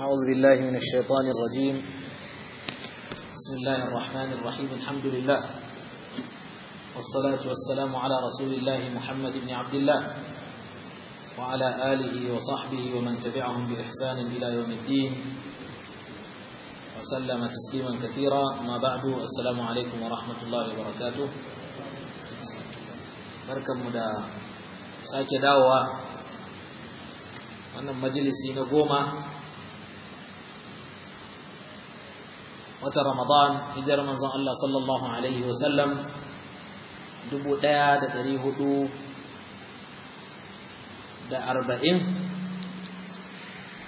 أعوذ بالله من الشيطان الرجيم بسم الله الرحمن الرحيم الحمد لله والصلاة والسلام على رسول الله محمد بن عبد الله وعلى آله وصحبه ومن تبعهم بإحسان إلى يوم الدين وسلم تسليما كثيرا ما بعد السلام عليكم ورحمة الله وبركاته بركم مدى ساكي داوة wannan مجلسي na wata ramadan hijar manzon Allah sallallahu alaihi wasallam 1440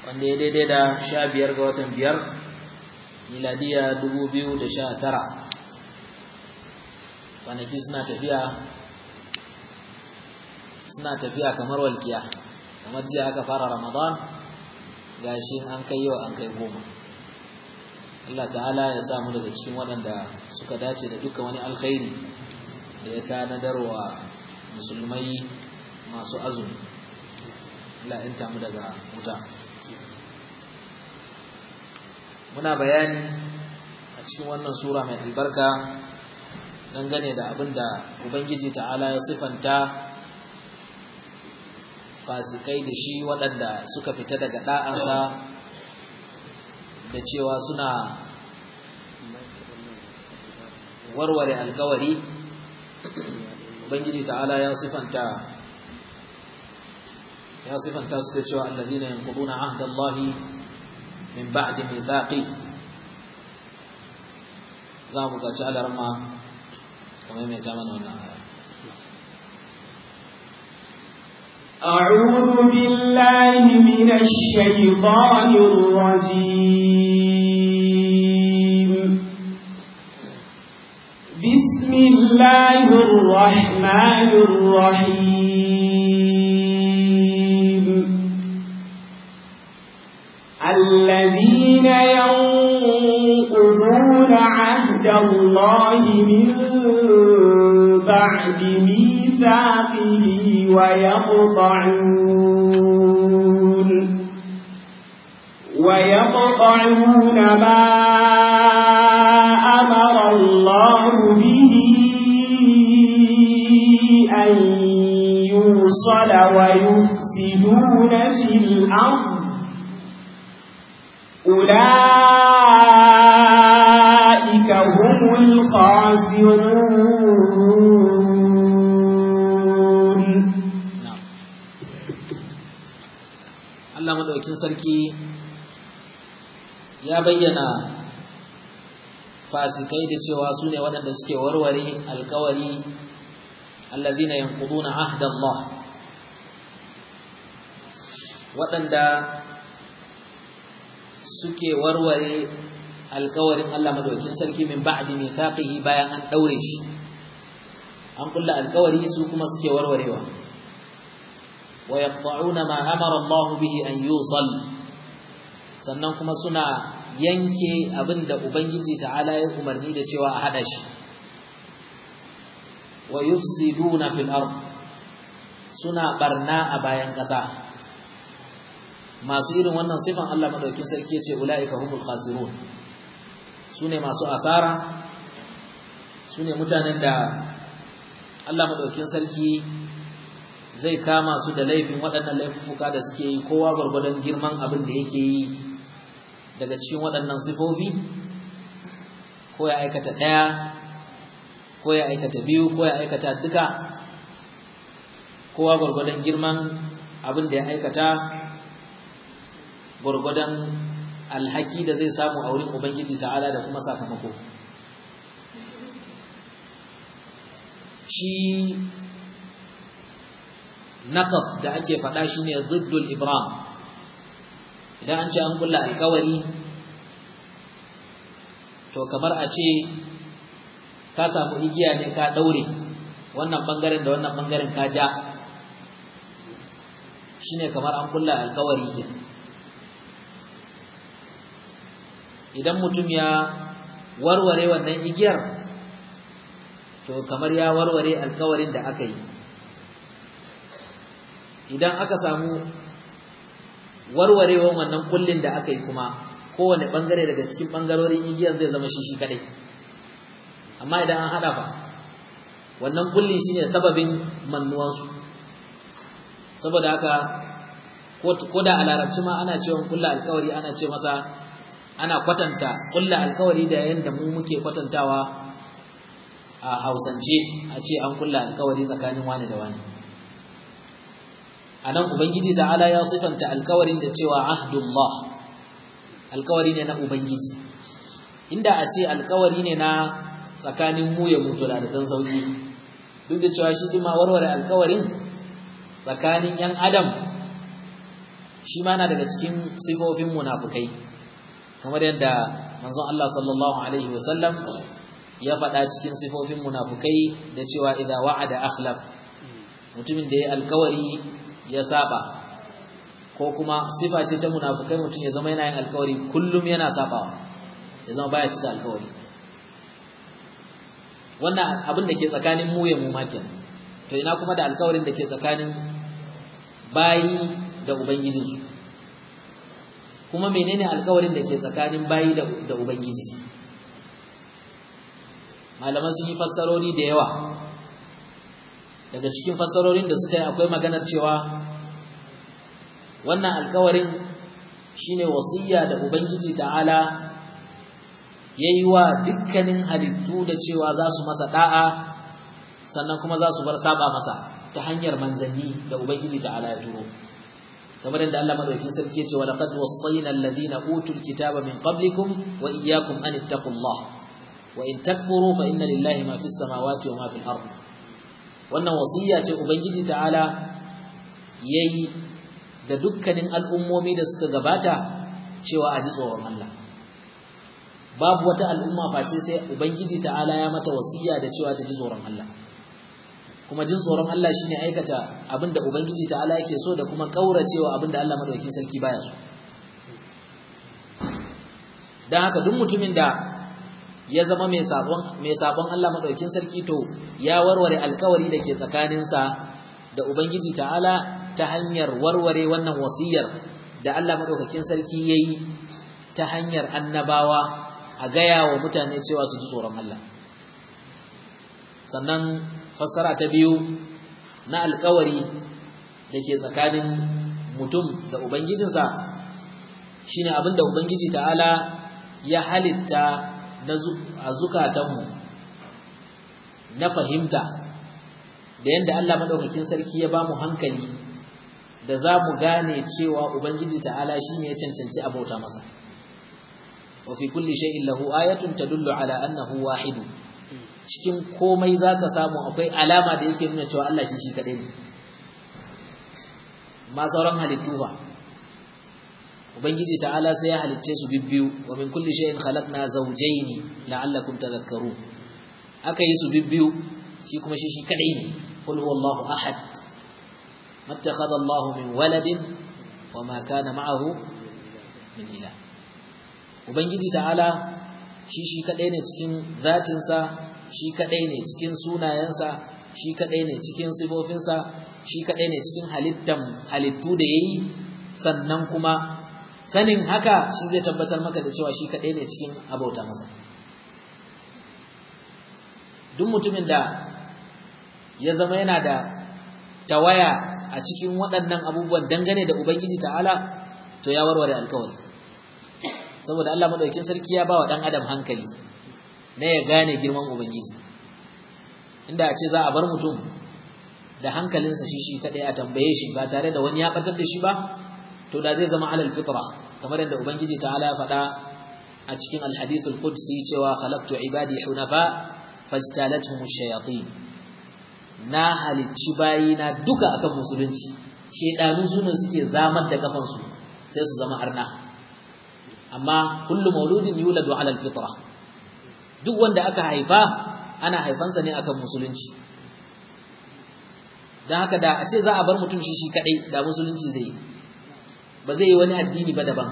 wanda ya daidai da biyar ga watan biyar, miladiya 2019 kwanaki suna tafiya suna tafiya kamar walkiya kamar jiya aka fara ramadan gashi an kai yau an kai goma Allah ta'ala ya samu daga cikin waɗanda suka dace da duka wani alkhairi da ya tanadarwa musulmai masu azumi Allah mu daga wuta muna bayani a cikin wannan sura mai albarka dangane da abin da ubangiji ta'ala ya sifanta fasikai da shi waɗanda suka fita daga ɗa'ansa da cewa suna warware alkawari ubangiji ta'ala ya sifanta ya sifanta su da cewa allazina yanquduna ahdallahi min ba'di mithaqi za mu gaci alarma kamar mai ta mana wannan aya أعوذ بالله من الشيطان الرجيم الله الرحمن الرحيم الذين ينقضون عهد الله من بعد ميثاقه ويقطعون ويقطعون ما أمر الله به أن يوصل ويفسدون في الأرض أولئك هم الخاسرون الله مدعوكين سركي يا بينا fasikai da cewa su ne waɗanda suke warware alkawari allazina yanquduna ahda Allah waɗanda suke warware alkawarin Allah madaukakin sarki min ba'di mithaqihi bayan an daure shi an kulla alkawari su kuma suke warwarewa wa yaqta'una ma amara Allah bihi an yusal sannan kuma suna yanke abinda ubangiji ta'ala ya umarni da cewa a hada shi wa yufsiduna fil ard suna barna a bayan ƙasa masu irin wannan sifan Allah madaukin sarki yace ulaika humul khasirun sune masu asara sune mutanen da Allah madaukin sarki zai kama su da laifin waɗannan laifuka da suke yi kowa gwargwadon girman abin da yake yi daga cikin waɗannan sifofi ko ya aikata ɗaya ko ya aikata biyu ko ya aikata duka kowa gwargwadon girman abin da ya aikata gwargwadon alhaki da zai samu a wurin ubangiji ta'ala da kuma sakamako shi naqab da ake faɗa ne ziddul ibram idan an ce an kulla alkawari to kamar a ce ka samu igiya ne ka daure wannan bangaren da wannan bangaren ka ja shine kamar an kulla alkawari ke idan mutum ya warware wannan igiyar to kamar ya warware alkawarin da aka yi idan aka samu warwarewar wannan kullin da aka yi kuma kowane bangare daga cikin bangarorin igiyar zai zama shi shi kadai amma idan an hada ba wannan kulli shine sababin mannuwansu saboda haka ko da a larabci ma ana cewa kulla alkawari ana ce masa ana kwatanta kulla alkawari da yadda mu muke kwatantawa a hausance a ce an kulla alkawari tsakanin wani da wani a nan ubangiji ta'ala ya sifanta alkawarin da cewa ahdullah alkawari ne na ubangiji inda a ce alkawari ne na tsakanin mu ya mutu da dan sauki duk da cewa shi ma warware alkawarin tsakanin yan adam shi ma na daga cikin sifofin munafukai kamar yadda manzon Allah sallallahu alaihi wasallam ya faɗa cikin sifofin munafukai da cewa idza wa'ada akhlaf mutumin da ya alkawari ya saba ko kuma sifa ce ta munafukai mutum ya zama yana yin alkawari kullum yana sabawa ya zama baya cika alkawari wannan abin da ke tsakanin mu ya mu matan to ina kuma da alƙawarin da ke tsakanin bayi da ubangijinsu kuma menene alƙawarin da ke tsakanin bayi da ubangiji malaman sun yi fassarori da yawa daga cikin fassarorin da suka yi akwai maganar cewa wannan alƙawarin shine wasiyya da ubangiji ta'ala yayi wa dukkanin halittu da cewa za su masa da'a sannan kuma za su bar saba masa ta hanyar manzanni da ubangiji ta'ala ya turo kamar da Allah madaukakin sarki ya ce wa laqad wassayna alladhina utul kitaba min qablikum wa iyyakum an ittaqullah wa in takfuru fa inna lillahi ma fis samawati wa ma fil ard wannan wasiya ce ubangiji ta'ala yayi da dukkanin al'ummomi da suka gabata cewa a ji tsoron Allah babu wata al'umma face sai ubangiji ta'ala ya mata wasiya da cewa ta ji tsoron Allah kuma jin tsoron Allah shine aikata abinda ubangiji ta'ala yake so da kuma kauracewa abinda Allah madaukakin sarki baya so dan haka duk mutumin da ya zama mai sabon Allah madaukakin sarki to ya warware alkawari da ke tsakaninsa da ubangiji ta'ala ta hanyar warware wannan wasiyar da Allah madaukakin sarki yayi ta hanyar annabawa a gaya wa mutane cewa su ji tsoron Allah sannan fassara ta biyu na alkawari da ke tsakanin mutum da ubangijinsa shine abin da ubangiji ta'ala ya halitta a zukatanmu na fahimta da yadda Allah maɗaukakin sarki ya ba mu hankali da za mu gane cewa ubangiji ta'ala shine ya cancanci abota masa wa fi kulli shay'in lahu ayatun tadullu ala annahu wahid cikin komai za ka samu akwai alama da yake nuna cewa Allah shi shi kadai ne ma sauran halittu fa ubangiji ta'ala sai ya halicce su bibbiyu wa min kulli shay'in khalaqna zawjayn la'allakum tadhakkarun aka yi su bibbiyu shi kuma shi shi kadai ne qul huwallahu ahad mattakhadha Allahu min waladin wa ma kana ma'ahu min ilah ubangiji ta'ala shi shi kadai ne cikin zatinsa shi kadai ne cikin sunayensa shi kadai ne cikin sifofinsa shi kaɗai ne cikin halittan halittu da yayi sannan kuma sanin haka shi zai tabbatar maka da cewa shi kaɗai ne cikin abauta masa duk mutumin da ya zama yana da tawaya a cikin waɗannan abubuwan dangane da ubangiji ta'ala to ya warware alkawari saboda Allah madaukakin sarki ya bawa dan adam hankali na ya gane girman ubangiji inda a ce za a bar mutum da hankalinsa shi shi kadai a tambaye shi ba tare da wani ya batar da shi ba to da zai zama alal fitra kamar yadda ubangiji ta'ala ya faɗa a cikin alhadith alqudsi cewa khalaqtu ibadi hunafa fajtalathum ash-shayatin na halicci bayina duka akan musulunci shedanu sune suke zamar da kafansu sai su zama arna amma kullu mauludin yuladu ala alfitra duk wanda aka haifa ana haifansa ne akan musulunci dan haka da a ce za a bar mutum shi shi kadai da musulunci zai ba zai yi wani addini ba daban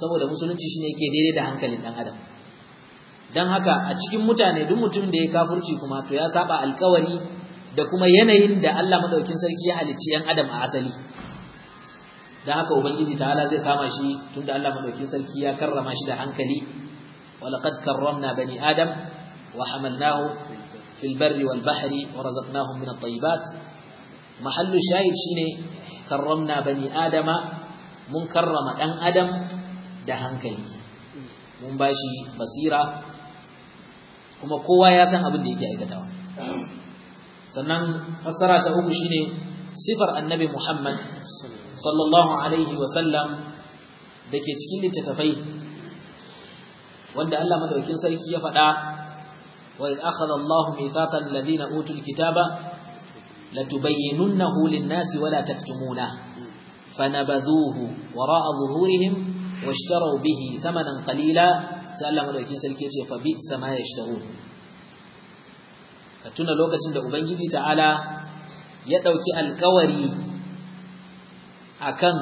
saboda musulunci shine yake daidai da hankalin dan adam dan haka a cikin mutane duk mutum da ya kafurci kuma to ya saba alkawari da kuma yanayin da Allah madaukin sarki ya halicci yan adam a asali dan haka ubangiji ta'ala zai kama shi tunda Allah madaukakin sarki ya karrama shi da hankali walaqad karramna bani adam wa hamalnahu fil barri wal bahri wa razaqnahum min at-tayyibat mahallu shahid shine karramna bani adama mun karrama dan adam da hankali mun bashi basira kuma kowa ya san abin da yake aikatawa sannan fassara ta uku shine sifar annabi Muhammad sallallahu alaihi wasallam da ke cikin littattafai wanda Allah madaukin sarki ya faɗa wa idh akhadha Allahu mithaqal ladina utul kitaba latubayyinunnahu lin-nasi wa taktumuna fanabadhuhu wara'a dhuhurihim washtaraw bihi thamanan qalila sai Allah madaukin sarki ya ce fa bi'sa ma yashtarun ka tuna lokacin da ubangiji ta'ala ya dauki alkawari akan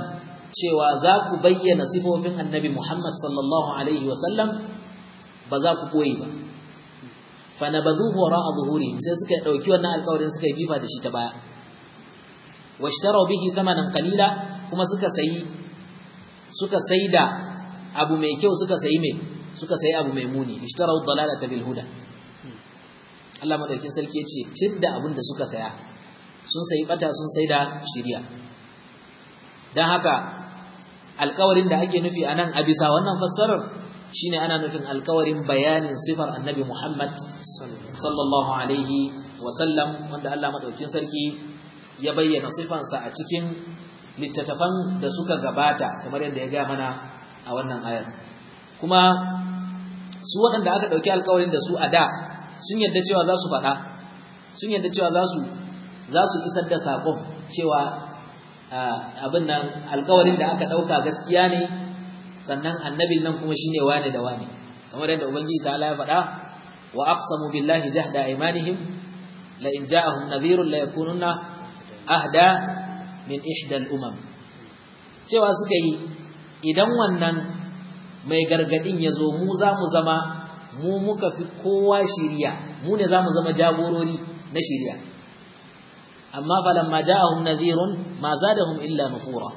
cewa za ku bayyana sifofin annabi Muhammad sallallahu alaihi wasallam ba za ku koyi ba Fana ba duhu nabaduhu ra'a Zuhuri sai suka ɗauki wannan alƙawarin suka yi jifa da shi ta baya washtaraw bihi zamanan qalila kuma suka sayi suka saida abu mai kyau suka sayi mai suka sayi abu mai muni ishtaraw dalalata bil huda Allah madaukin sarki yace tidda abin da suka saya sun sayi bata sun da shiriya don haka alkawarin da ake nufi a nan a bisa wannan fassarar shine ana nufin alkawarin bayanin sifar annabi Muhammad sallallahu alaihi wasallam wanda Allah maɗaukin sarki ya bayyana sifansa a cikin littattafan da suka gabata kamar yadda ya gaya mana a wannan ayar kuma su waɗanda aka ɗauki alkawarin da su a da sun yadda cewa za su faɗa sun yadda cewa za su za su isar da saƙon cewa abin nan alkawarin da aka ɗauka gaskiya ne sannan annabin nan kuma shine wane da wane kamar yadda ubangiji ta ya faɗa wa aqsamu billahi jahda imanihim la in ja'ahum nadhirun la yakununna ahda min ihda al-umam cewa suka yi idan wannan mai gargadin ya zo mu za mu zama mu muka fi kowa shiriya mu ne za mu zama jagorori na shirya. amma falamma ja'ahum nadhirun ma za da zadahum illa nufura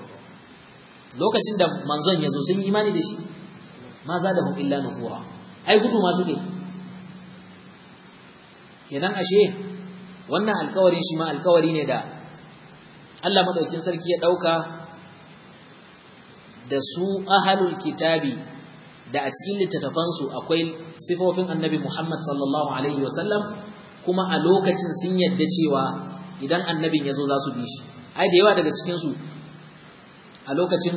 lokacin da manzon yazo sun yi imani da shi ma za da zadahum illa nufura ai gudu ma ne. kenan ashe wannan alkawarin shi ma alkawari ne da Allah madaukin sarki ya ɗauka da su ahalul kitabi da a cikin littattafansu akwai sifofin annabi Muhammad sallallahu alaihi wasallam kuma a lokacin sun yadda cewa idan annabin ya zo za su bi shi ai da yawa daga cikinsu a lokacin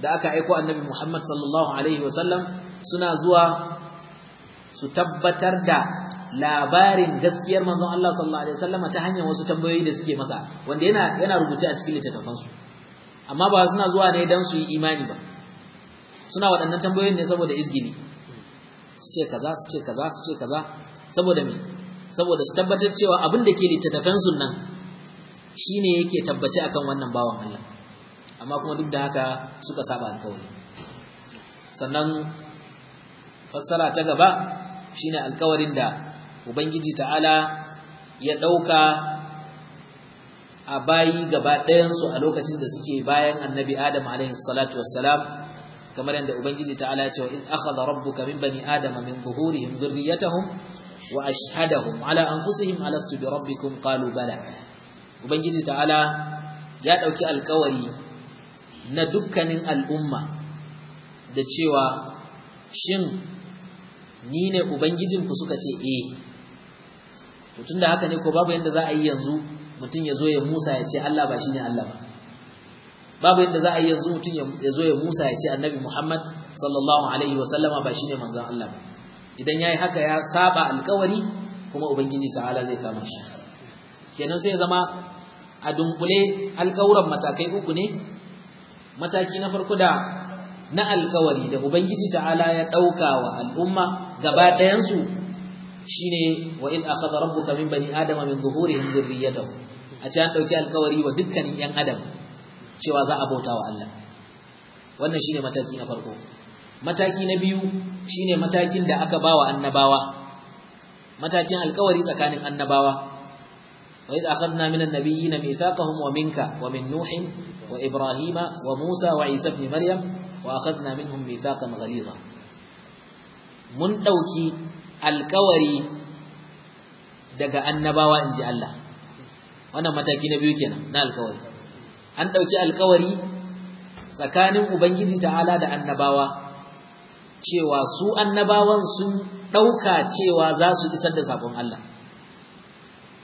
da aka aiko annabi Muhammad sallallahu alaihi wasallam suna zuwa su tabbatar da labarin gaskiyar manzon Allah sallallahu alaihi wasallam ta hanyar wasu tambayoyi da suke masa wanda yana yana rubuce a cikin littattafansu amma ba suna zuwa ne dan su yi imani ba suna waɗannan tambayoyin ne saboda izgili su ce kaza su ce kaza su ce kaza saboda me saboda su tabbatar cewa abin da ke littattafan shi shine yake tabbaci a kan wannan bawan Allah amma kuma duk da haka suka saba alkawari sannan fassara ta gaba shine alkawarin da ubangiji ta'ala ya ɗauka a bayi gaba ɗayansu a lokacin da suke bayan annabi adam alaihi salatu wassalam kamar yadda ubangiji ta'ala ya ce wa in akhadha rabbuka min bani adama min zuhurihim dhurriyyatahum wa ashhadahum ala anfusihim alastu bi rabbikum qalu bala ubangiji ta'ala ya dauki alkawari na dukkanin al'umma da cewa shin ni ne ku suka ce eh to tunda haka ne ko babu yanda za a yi yanzu mutum ya zo ya Musa ya ce Allah ba shine Allah ba babu yadda za a yi yanzu mutum ya zo ya Musa ya ce annabi Muhammad sallallahu alaihi wasallama ba shine manzon Allah ba idan yayi haka ya saba alkawari kuma ubangiji ta'ala zai kama shi kenan sai zama a dunkule alkawuran matakai uku ne mataki na farko da na alkawari da ubangiji ta'ala ya ɗauka wa al'umma gaba ɗayansu shine wa in akhadha rabbuka min bani adama min zuhurihim dhurriyyatahum a cikin an ɗauki alkawari wa dukkanin yan adam cewa za a bauta wa Allah wannan shine mataki na farko mataki na biyu shine matakin da aka bawa annabawa matakin alkawari tsakanin annabawa wa iz akhadna minan nabiyyina mithaqahum wa minka wa min nuhin wa ibrahima wa musa wa isa ibn maryam wa akhadna minhum mithaqan ghalidha mun dauki alkawari daga annabawa inji Allah wannan mataki na biyu kenan na alkawari an dauki alkawari tsakanin ubangiji ta'ala da annabawa cewa su annabawan sun ɗauka cewa za su isar da saƙon Allah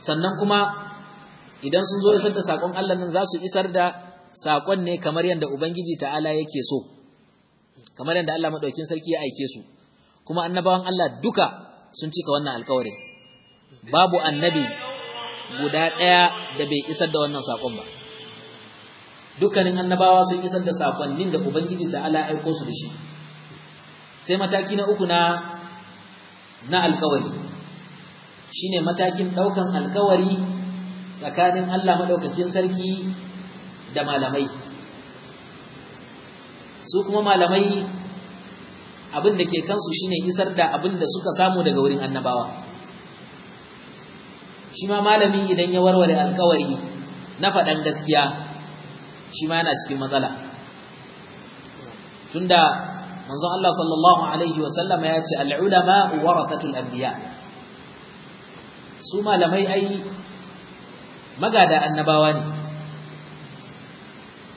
sannan kuma idan sun zo isar da saƙon Allah nan za su isar da saƙon ne kamar yadda Ubangiji ta'ala yake so kamar yadda Allah maɗaukin sarki ya aike su kuma annabawan Allah duka sun cika wannan alkawarin babu annabi guda ɗaya da bai isar da wannan saƙon ba dukkanin annabawa sun isar da saƙonnin da Ubangiji ta'ala aiko su da shi sai mataki na uku na na alkawari shine matakin daukan alkawari tsakanin Allah madaukakin sarki da malamai su kuma malamai abin da ke kansu shine isar da abin da suka samu daga wurin annabawa shi ma malami idan ya warware alkawari na faɗan gaskiya shi ma yana cikin matsala tunda manzon Allah sallallahu alaihi wasallam ya ce al-ulama warasatul anbiya su malamai ai magada annabawa ne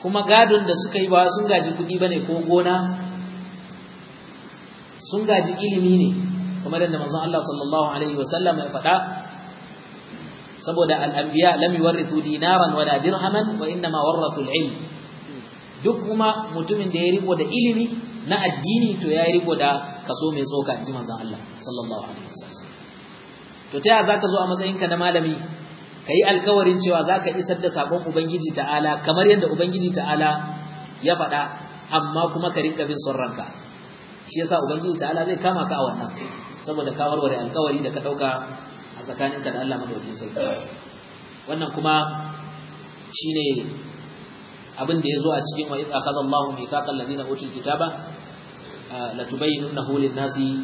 kuma gadon da suka yi ba sun gaji kuɗi bane ko gona sun gaji ilimi ne kamar yadda manzon Allah sallallahu alaihi wasallam ya faɗa saboda al-anbiya lam yuwarrithu dinaran wala dirhaman wa inma warrathu al-ilm duk kuma mutumin da ya riko da ilimi na addini to ya riko da kaso mai tsoka inji manzan Allah sallallahu alaihi wasallam to ta za zaka zo a matsayinka na malami ka yi alkawarin cewa zaka isar da sabon ubangiji ta'ala kamar yadda ubangiji ta'ala ya faɗa amma kuma ka rinka bin son ranka shi yasa ubangiji ta'ala zai kama ka a wannan saboda ka warware alkawari da ka dauka a tsakaninka da Allah madaukakin sarki wannan kuma shine abin da ya zo a cikin wa idza akhadha Allahu mithaqal ladina utul kitaba latubayyinunahu lin-nasi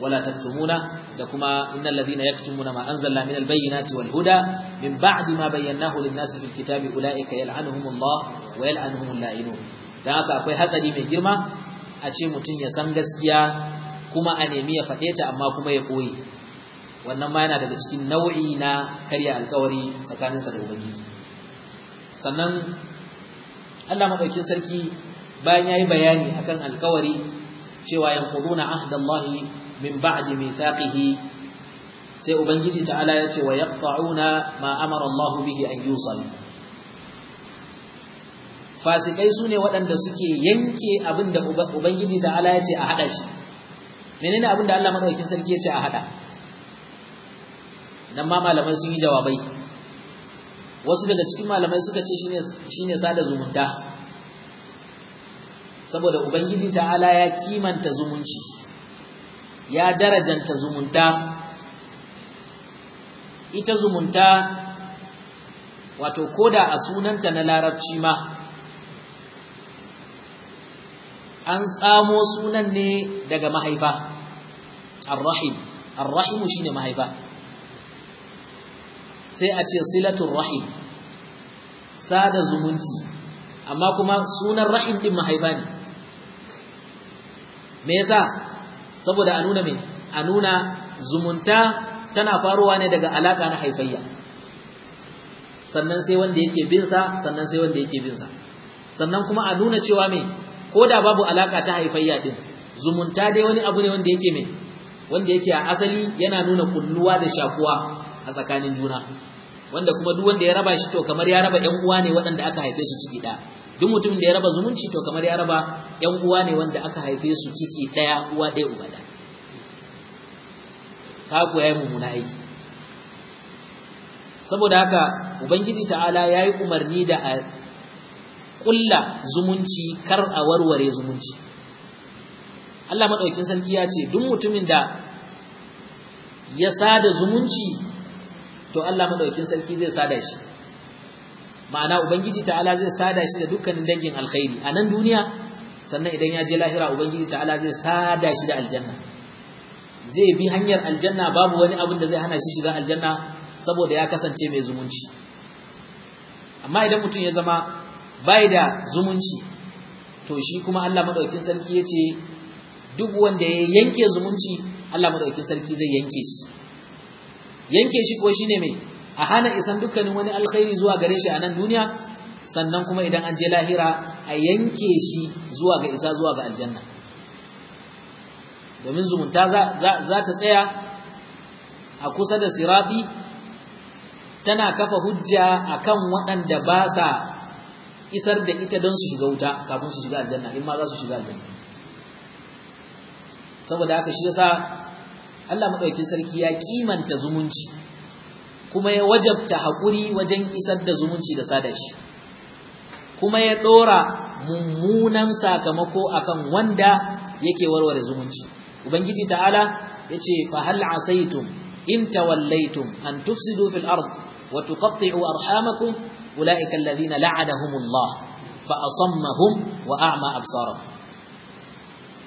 wala taktumuna da kuma innal ladhina yaktumuna ma anzalna minal bayyinati wal huda min ba'di ma bayyanahu lin-nasi fil kitabi ulaika yal'anuhumullah wa yal'anuhumul la'inun dan haka akwai hatsari mai girma a ce mutun ya san gaskiya kuma a nemi ya faɗe ta amma kuma ya koyi wannan ma yana daga cikin nau'i na karya alkawari sa da ubangiji sannan Allah madaukin sarki bayan yayi bayani akan alkawari cewa yanquduna ahdallahi min ba'di mithaqihi sai ubangiji ta'ala ya ce wa yaqta'una ma amara Allah bihi an yusal fasikai sune waɗanda suke yanke abinda ubangiji ta'ala ya ce a hada shi menene abinda Allah madaukakin sarki ya ce a hada dan ma malamai sun yi jawabai wasu daga cikin malamai suka ce shine shine sada zumunta saboda ubangiji ta'ala ya kimanta zumunci ya darajanta zumunta ita zumunta wato koda a sunanta na larabci ma an tsamo sunan ne daga mahaifa ar-rahim ar-rahim shine mahaifa sai a ce silatul rahim sada zumunci amma kuma sunan rahim din mahaifa ne me yasa saboda a nuna me a nuna zumunta tana faruwa ne daga alaka na haifayya sannan sai wanda yake bin sa sannan sai wanda yake bin sa sannan kuma a nuna cewa me ko da babu alaka ta haifayya din zumunta dai wani abu ne wanda yake me wanda yake a asali yana nuna kulluwa da shakuwa a tsakanin juna wanda kuma duk wanda ya raba shi to kamar ya raba ɗan uwa ne waɗanda aka haife su ciki ɗaya duk mutum da ya raba zumunci to kamar ya raba yan uwa ne wanda aka haife su ciki daya uwa ɗaya uba ɗaya ta ku yi mummuna aiki saboda haka ubangiji ta'ala yayi umarni da a kulla zumunci kar a warware zumunci Allah maɗaukin sarki ya ce duk mutumin da ya sada zumunci to Allah maɗaukin sarki zai sada shi ma'ana ubangiji ta'ala zai sada shi da dukkanin dangin alkhairi a nan duniya sannan idan ya je lahira ubangiji ta'ala zai sada shi da aljanna zai bi hanyar aljanna babu wani abin da zai hana shi shiga aljanna saboda ya kasance mai zumunci amma idan mutum ya zama bai da zumunci to shi kuma Allah madaukakin sarki yace duk wanda ya yanke zumunci Allah madaukakin sarki zai yanke shi yanke shi ko shine mai a hana isan dukkanin wani alkhairi zuwa gare shi a nan duniya sannan kuma idan an je lahira a yanke shi zuwa ga isa zuwa ga aljanna domin zumunta za ta tsaya a kusa da sirabi tana kafa hujja a kan waɗanda ba sa isar da ita don su shiga wuta kafin su shiga aljanna in ma za su shiga aljanna saboda haka shi sa Allah madaukakin sarki ya kimanta zumunci kuma ya wajabta haƙuri wajen isar da zumunci da sada shi kuma ya ɗora mummunan sakamako akan wanda yake warware zumunci ubangiji ta'ala ya ce fahal asaitum in tawallaitum an tufsidu fil ard wa tuqatti'u arhamakum ulaika alladhina la'anahumullah fa asammahum wa a'ma absarahum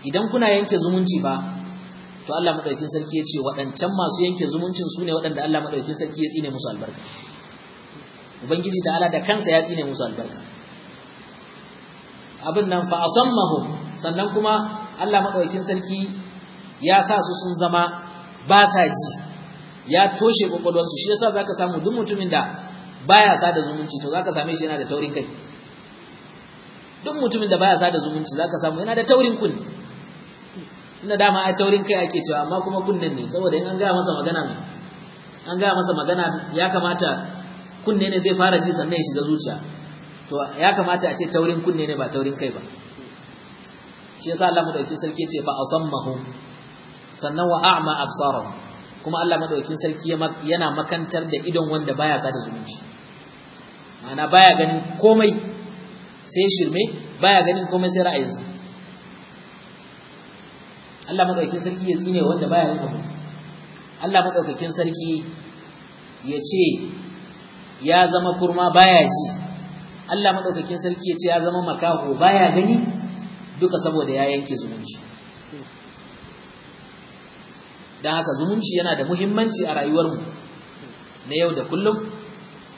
idan kuna yanke zumunci ba to Allah madaukakin sarki ya ce waɗancan masu yanke zumuncin su ne waɗanda Allah madaukakin sarki ya tsine musu albarka ubangiji ta'ala da kansa ya tsine musu albarka abin nan fa asammahum sannan kuma Allah madaukakin sarki ya sa su sun zama ba sa ji ya toshe su shi yasa zaka samu duk mutumin da baya sada zumunci to zaka same shi yana da taurin kai duk mutumin da baya sada zumunci zaka samu yana da taurin kunni inda dama ai taurin kai ake cewa amma kuma kunnen ne saboda in an ga masa magana ne an ga masa magana ya kamata kunne ne zai fara ji sannan ya shiga zuciya to ya kamata a ce taurin kunne ne ba taurin kai ba shi yasa Allah madaukakin sarki ce fa asammahu sannan wa a'ma absarahum kuma Allah madaukakin sarki yana makantar da idon wanda baya sada zumunci ma'ana baya ganin komai sai shirme baya ganin komai sai ra'ayinsa Allah maɗaukakin sarki ya tsine wanda baya yin abu Allah maɗaukakin sarki ya ce ya zama kurma baya ji Allah maɗaukakin sarki ya ce ya zama makaho baya gani duka saboda ya yanke zumunci dan haka zumunci yana da muhimmanci a rayuwarmu na yau da kullum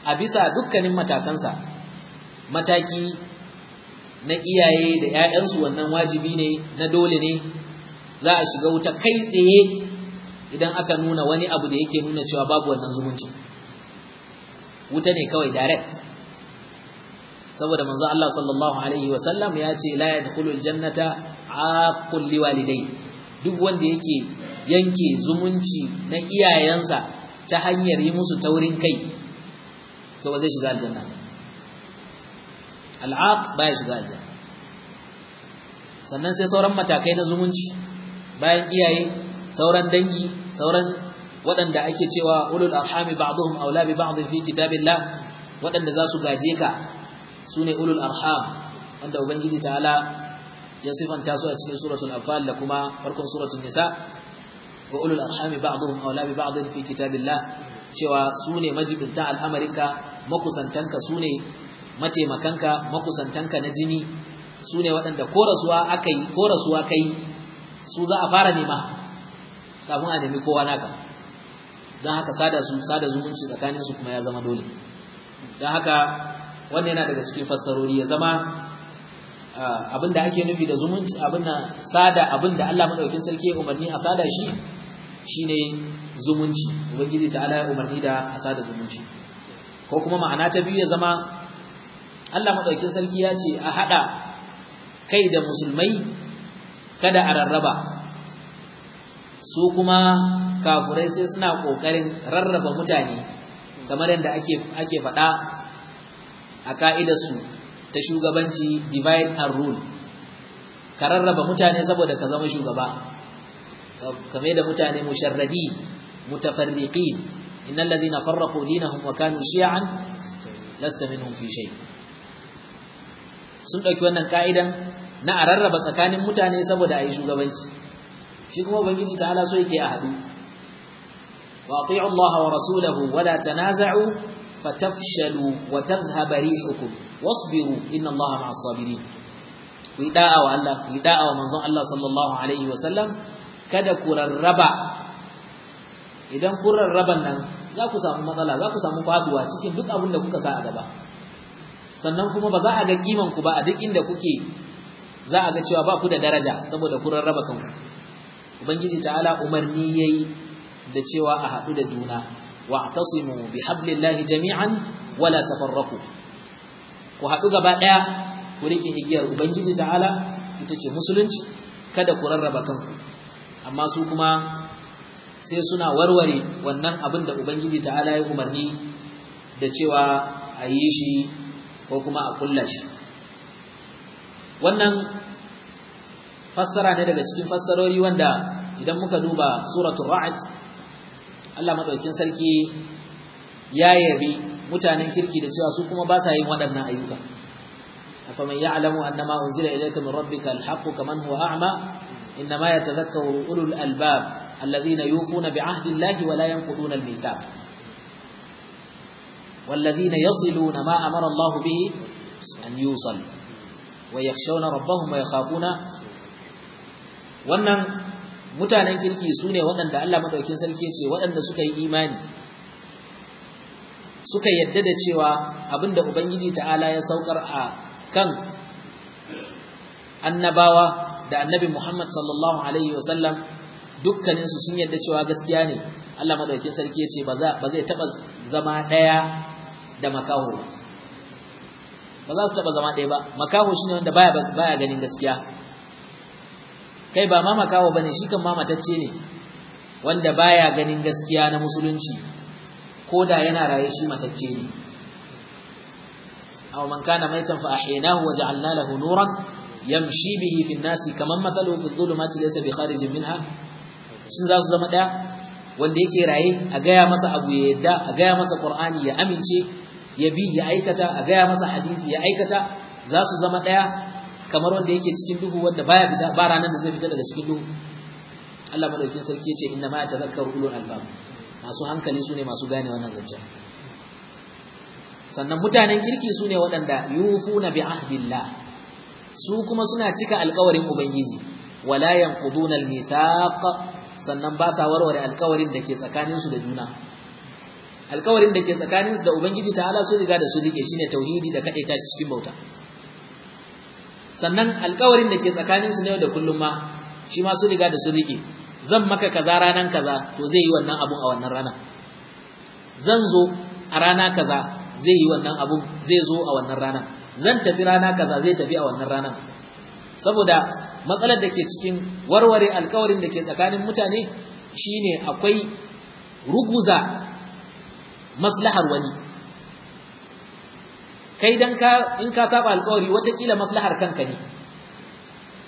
a bisa dukkanin matakansa mataki na iyaye da 'ya'yansu wannan wajibi ne na dole ne za a shiga wuta kai tsaye idan aka nuna wani abu da yake nuna cewa babu wannan zumunci wuta ne kawai direct saboda manzo Allah sallallahu alaihi wa sallam ya ce la yadkhulu aljannata aqul liwalidai duk wanda yake yanke zumunci na iyayensa ta hanyar yi musu taurin kai to ba zai shiga aljanna al'aq baya shiga aljanna sannan sai sauran matakai na zumunci bayan iyaye sauran dangi sauran waɗanda ake cewa ulul arhami ba'dhum aula bi ba'd fi kitabillah waɗanda za su gaje ka sune ulul arham wanda ubangiji ta'ala ya sifanta su a cikin suratul anfal da kuma farkon suratul nisa wa ulul arhami ba'dhum aula bi ba'd fi kitabillah cewa sune majibinta al'amarinka makusantanka sune mataimakanka makusantanka na jini sune waɗanda ko akai ko rasuwa kai su za a fara nema kafin a nemi kowa naka don haka sada su sada zumunci tsakanin su kuma ya zama dole don haka wannan yana daga cikin fassarori ya zama abin da ake nufi da zumunci abin da sada abin da Allah madaukin sarki ya umarni a sada shi shine zumunci ubangiji ta'ala ya umarni da a sada zumunci ko kuma ma'ana ta biyu ya zama Allah madaukin sarki ya ce a hada kai da musulmai kada a rarraba su kuma kafurai sai suna ƙoƙarin rarraba mutane kamar yadda ake faɗa a ka'idarsu ta shugabanci divide and rule ka rarraba mutane saboda ka zama shugaba kamar da mutane musharradi mutafarriqin innal ladhina farraqu dinahum wa kanu shi'an lasta minhum fi shay sun ɗauki wannan ka'idan na a rarraba tsakanin mutane saboda a yi shugabanci shi kuma ubangiji ta ala so yake a haɗu wa ati'u Allah wa rasulahu wa la tanaza'u fatafshalu wa tadhhaba rihukum wasbiru inna Allah ma'as sabirin ku yi da'a wa Allah ku yi da'a wa manzon Allah sallallahu alaihi wa sallam kada ku rarraba idan ku rarraba nan za ku samu matsala za ku samu faduwa cikin duk abin da kuka sa a gaba sannan kuma ba za a ga kiman ku ba a duk inda kuke za a ga cewa ba ku da daraja saboda kun rarraba kanku ubangiji ta'ala umarni yayi da cewa a haɗu da juna bi hablillahi jami'an wala tafarraqu ku haɗu gaba ɗaya ku rike igiyar ubangiji ta'ala ita ce musulunci kada ku rarraba kanku amma su kuma sai suna warware wannan abin da ubangiji ta'ala ya umarni da cewa a yi shi ko kuma a kulla shi wannan fassara ne daga cikin fassarori wanda idan muka duba suratul ra'ad Allah madaukin sarki ya yabi mutanen kirki da cewa su kuma ba sa yin waɗannan ayyuka afaman ya'lamu annama unzila ilayka min rabbika alhaqqu kaman huwa a'ma innama yatadhakkaru ulul albab yufuna يوفون بعهد الله ولا ينقضون الميثاق والذين يصلون ما أمر الله به أن يوصل wa yakhshawna rabbahum wa yakhafuna wannan mutanen kirki sune waɗanda Allah madaukakin sarki ce waɗanda suka yi imani suka yadda da cewa abinda ubangiji ta'ala ya saukar a kan annabawa da annabi Muhammad sallallahu alaihi wasallam dukkanin su sun yadda cewa gaskiya ne Allah madaukakin sarki ya ce ba zai taba zama daya da makaho ba za su taba zama ɗaya ba makaho shine wanda baya baya ganin gaskiya kai ba ma makaho bane shi kan ma matacce ne wanda baya ganin gaskiya na musulunci ko da yana raye shi matacce ne aw man kana maitan fa ahyaynahu wa ja'alna lahu nuran yamshi bihi fi nasi kaman mathaluhu fi dhulumati laysa bi kharij minha shin za su zama ɗaya wanda yake raye a gaya masa abu ya yadda a gaya masa qur'ani ya amince ya bi ya aikata a gaya masa hadisi ya aikata za su zama ɗaya kamar wanda yake cikin duhu wanda baya fita ba ranar da zai fita daga cikin duhu Allah madaukin sarki yace inna ma yatazakkaru ulul albab masu hankali sune masu gane wannan zancen sannan mutanen kirki sune waɗanda yufuna bi ahdillah su kuma suna cika alƙawarin ubangiji wala yanquduna almithaq sannan ba sa warware alƙawarin da ke tsakaninsu da juna alkawarin da ke tsakaninsu da ubangiji ta hala sun riga da su rike shine tauhidi da kaɗaita tashi cikin bauta sannan alkawarin da ke tsakaninsu na yau da kullum ma shi ma sun riga da su rike zan maka kaza ranan kaza to zai yi wannan abun a wannan rana zan zo a rana kaza zai yi wannan abun zai zo a wannan rana zan tafi rana kaza zai tafi a wannan rana saboda matsalar da ke cikin warware alkawarin da ke tsakanin mutane shine akwai ruguza maslahar wani kai dan ka in ka saba alƙawari watakila maslahar kanka ne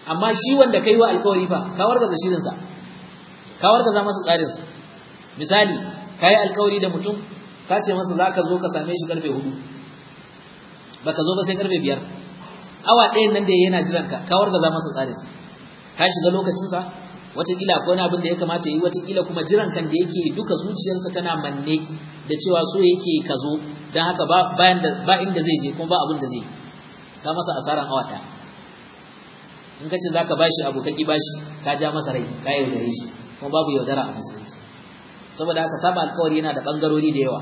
amma shi wanda kai wa alƙawari fa ka wargaza shirinsa ka wargaza masa tsarinsa misali ka yi alƙawari da mutum ka ce masa za ka zo ka same shi karfe hudu ba ka zo ba sai karfe biyar awa ɗayan nan da yana jiran ka ka wargaza masa tsarinsa ka shiga lokacinsa watakila akwai wani abin da ya kamata ya yi watakila kuma jiran kan da yake duka zuciyarsa tana manne da cewa so yake ka zo don haka ba inda zai je kuma ba abin da zai ka masa asaran awa ɗaya in ka ce za ka bashi abu ka ka ja masa rai ka yaudare shi kuma babu yaudara a musulunci saboda haka saba alkawari yana da bangarori da yawa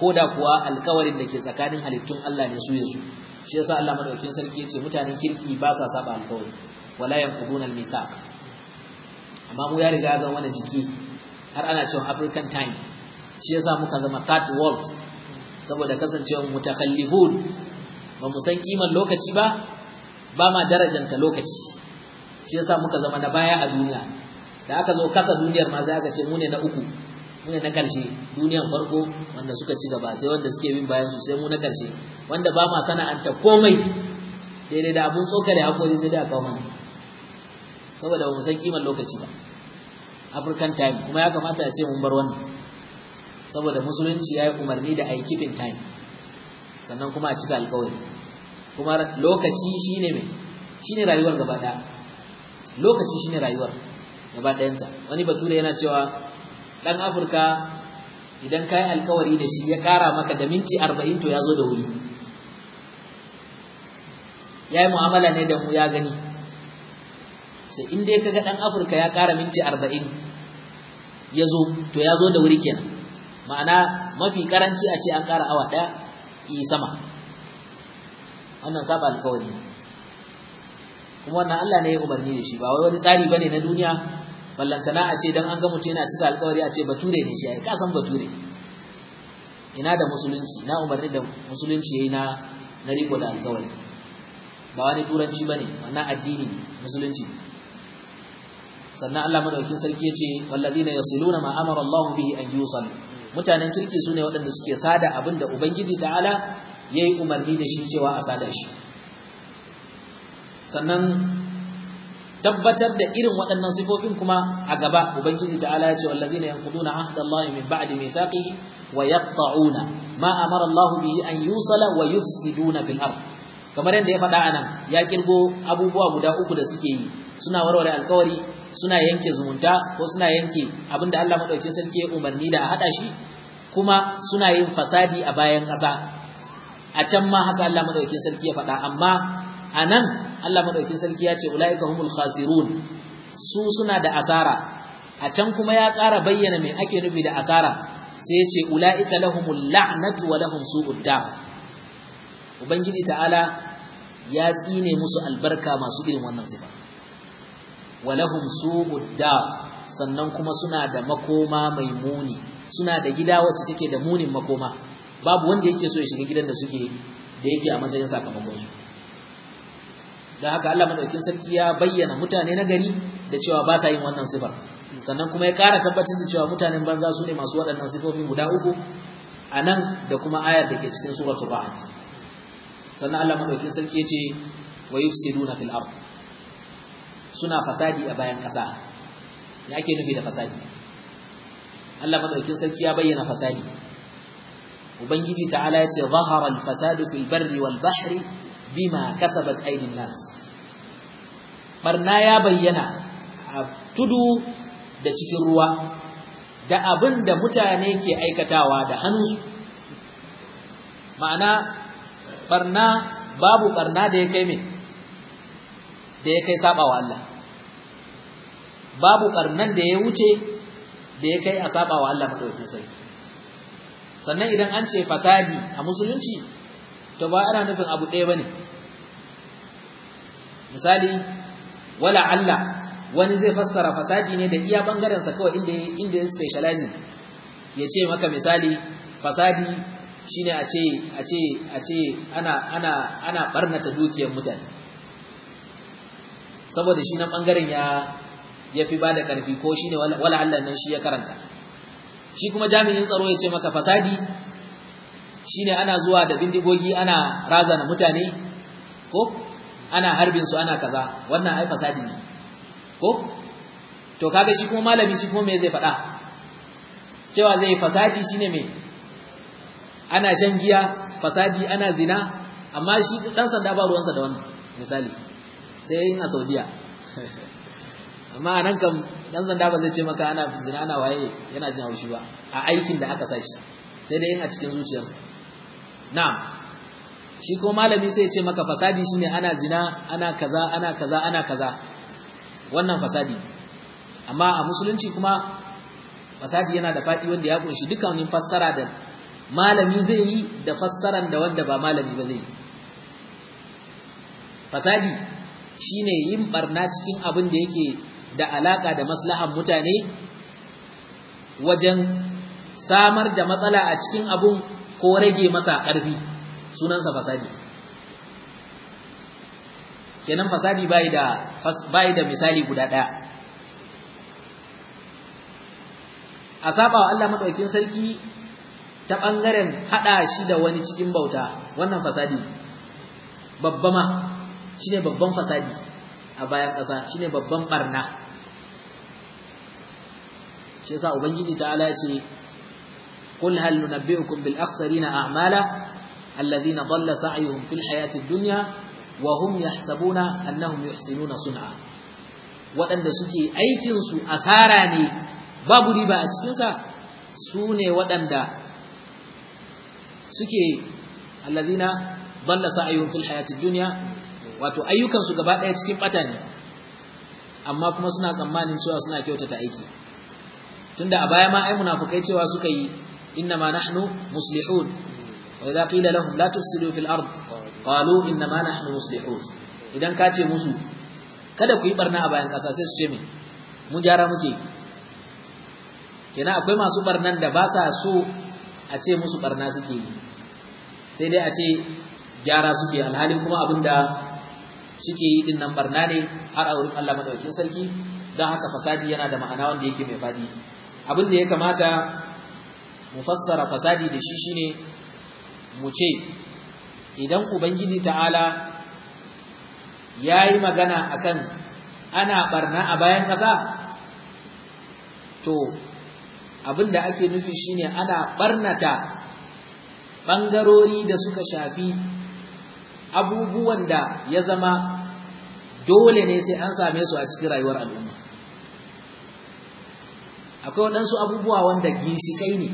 ko da kuwa alkawarin da ke tsakanin halittun Allah ne su yasu shi yasa Allah madaukakin sarki yace mutanen kirki ba sa saba alkawari wala yanquduna almithaq amma mu ya riga zan wani jiki har ana cewa African time shi yasa muka zama cat world saboda kasancewa mutakhallifun ba mu san kiman lokaci ba ba ma darajanta lokaci shi yasa muka zama na baya a duniya da aka zo kasa duniyar ma sai aka ce mu ne na uku mu ne na karshe duniyar farko wanda suka ci gaba sai wanda suke bin bayan su sai mu na karshe wanda ba ma sana'anta komai daidai da abun tsoka da hakuri sai da kawo mana saboda ba mu san kiman lokaci ba african time kuma ya kamata a ce mun bar wannan saboda musulunci ya yi umarni da a yi keeping time sannan kuma a cika alkawari kuma lokaci shi ne mai shi ne rayuwar gaba ɗaya lokaci shi ne rayuwar gaba ɗayanta wani bature yana cewa ɗan afirka idan ka yi alkawari da shi ya ƙara maka da minti arba'in to ya zo da wuri ya yi mu'amala ne da mu ya gani sai in dai ka ga ɗan afirka ya ƙara minti arba'in ya zo to ya zo da wuri kenan ma'ana mafi karanci a ce an ƙara awa ɗaya yi sama wannan saba alkawari kuma wannan Allah ne ya umarni da shi ba wai wani tsari bane na duniya ballantana a ce dan an ga mutum yana cika alkawari a ce bature ne shi ai ka san bature ina da musulunci na umarni da musulunci yayi na na riko da alkawari ba wani turanci bane wannan addini ne musulunci sannan Allah madaukin sarki yace wallazina yasiluna ma amara Allahu bihi an yusallu mutanen kirki su ne waɗanda suke sada abin da ubangiji ta'ala ya yi umarni da shi cewa a sada shi sannan tabbatar da irin waɗannan sifofin kuma a gaba ubangiji ta'ala ya ce wallazina na ahdallahi min ba'di mithaqihi wa yaqta'una ma amara Allahu bihi an yusala wa yufsiduna fil ard kamar yadda ya faɗa anan ya kirgo abubuwa guda uku da suke yi suna warware alkawari suna yanke zumunta ko suna yanke abinda Allah maɗauki sarki ya umarni da a hada shi kuma suna yin fasadi a bayan ƙasa a can ma haka Allah maɗauki sarki ya faɗa amma a nan Allah maɗauki sarki ya ce ulaika humul khasirun su suna da asara a can kuma ya ƙara bayyana me ake nufi da asara sai ya ce ula'ika lahumul la'natu wa lahum su'ud ubangiji ta'ala ya tsine musu albarka masu irin wannan sifa walahum su'ud da sannan kuma suna da makoma mai muni suna da gida wacce take da munin makoma babu wanda yake so ya shiga gidan da suke da yake a matsayin sakamakon su da haka Allah madaukakin sarki ya bayyana mutane na gari da cewa ba sa yin wannan sifar sannan kuma ya kara tabbatar da cewa mutanen banza su ne masu waɗannan sifofi guda uku a nan da kuma ayar da ke cikin suratul ra'd sannan Allah madaukakin sarki ya ce wa yufsiduna fil ardh suna fasadi a bayan ƙasa me ake nufi da fasadi Allah madaukin sarki ya bayyana fasadi ubangiji ta'ala ya ce zahara al-fasadu fil barri wal bahri bima kasabat aydin nas barna ya bayyana a tudu da cikin ruwa da abin da mutane ke aikatawa da hannu, ma'ana barna babu barna da ya kai me da ya kai saba wa Allah babu karnan da ya wuce da ya kai a saba wa Allah madaukakin sarki sannan idan an ce fasadi a musulunci to ba ana nufin abu ɗaya bane misali wala Allah wani zai fassara fasadi ne da iya bangaren sa kawai inda inda ya specialize ya ce maka misali fasadi shine a ce a ce a ce ana ana ana barnata dukiyar mutane saboda shi na bangaren ya ya fi ba da ƙarfi ko shi ne wala Allah nan shi ya karanta shi kuma jami'in tsaro ya ce maka fasadi shi ne ana zuwa da bindigogi ana razana mutane ko ana harbin su ana kaza wannan ai fasadi ne ko to kaga shi kuma malami shi kuma me zai faɗa cewa zai fasadi shine me ana shan giya fasadi ana zina amma shi dan sanda ba ruwansa da wannan misali sai yin a Saudiya amma a nan kam ɗan zanda ba zai ce maka ana zina ana waye yana jin haushi ba a aikin da aka sashi sai dai in a cikin zuciyarsa Na'am, shi ko malami sai ce maka fasadi shine ana zina ana kaza ana kaza ana kaza wannan fasadi amma a musulunci kuma fasadi yana da faɗi wanda ya kunshi dukkanin fassara da malami zai yi da fassaran da wanda ba malami ba zai yi fasadi shine yin barna cikin abin da yake da alaƙa da maslahan mutane wajen samar da matsala a cikin abun ko rage masa ƙarfi sunansa fasadi kenan fasadi bai da da misali guda ɗaya a saba wa Allah maɗaukin sarki ta ɓangaren haɗa shi da wani cikin bauta wannan fasadi babba shine babban fasadi a bayan ƙasa shine babban ɓarna. shi yasa ubangiji ta'ala ya ce qul hal nunabbi'ukum bil akhsarina a'mala alladhina dhalla sa'yuhum fil hayati ad-dunya wa hum yahsabuna annahum yuhsinuna sun'a waɗanda suke aikin su asara ne babu riba a cikin sa su ne waɗanda suke alladhina dhalla sa'yuhum fil hayati ad-dunya wato ayyukan su gaba ɗaya cikin bata ne amma kuma suna tsammanin cewa suna kyautata aiki tunda a baya ma ai munafikai cewa suka yi inna ma nahnu muslihun wa idza qila lahum la tufsidu fil ard qalu inna ma nahnu muslihun idan ka ce musu kada ku yi barna a bayan kasa sai su ce me mu jara muke kenan akwai masu barnan da ba sa so a ce musu barna suke yi sai dai a ce gyara suke alhalin kuma abin da suke yi din nan barna ne har a wurin Allah madaukakin sarki don haka fasadi yana da ma'ana wanda yake mai fadi abin da ya kamata mu fassara fasadi da shi shine mu ce idan ubangiji ta'ala yayi magana akan ana barna a bayan ƙasa to abin da ake nufi shine ana barnata ɓangarori da suka shafi abubuwan da ya zama dole ne sai an same su a cikin rayuwar al'umma akwai waɗansu abubuwa wanda ginshi-kai ne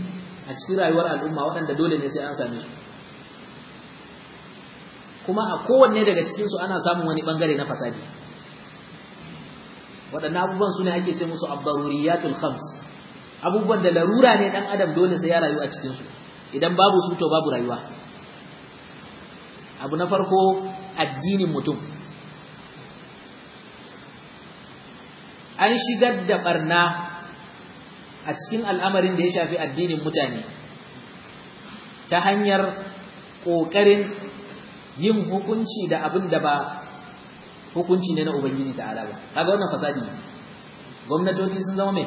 a cikin rayuwar al'umma waɗanda dole ne sai an same su kuma a kowanne daga cikinsu ana samun wani ɓangare na fasadi waɗannan abubuwan su ne ake ce musu abbaruriyatul khams abubuwan da larura ne ɗan adam dole sai ya rayu a cikinsu idan babu su to babu rayuwa abu na farko addinin mutum an shigar da barna a cikin al'amarin da ya shafi addinin mutane ta hanyar ƙoƙarin yin hukunci da abin da ba hukunci ne na Ubangiji ta ta'ala ba ga wannan fasadi ne gwamnatoci sun zama mai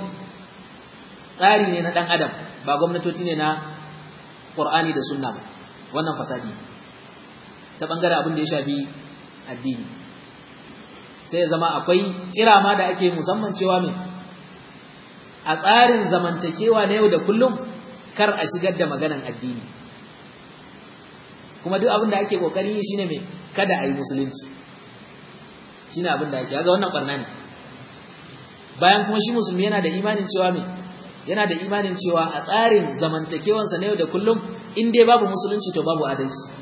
tsari ne na ɗan adam ba gwamnatoci ne na ƙor'ani da suna ba wannan fasadi ta ɓangare abin da ya shafi addini sai zama akwai kira ma da ake musamman cewa mai a tsarin zamantakewa na yau da kullum kar a shigar da maganan addini kuma duk abin da ake kokari yi ne me kada a yi musulunci ne abin da ake ga wannan barna ne bayan kuma shi musulmi yana da imanin cewa me yana da imanin cewa a tsarin zamantakewansa na yau da kullum in dai babu musulunci to babu adalci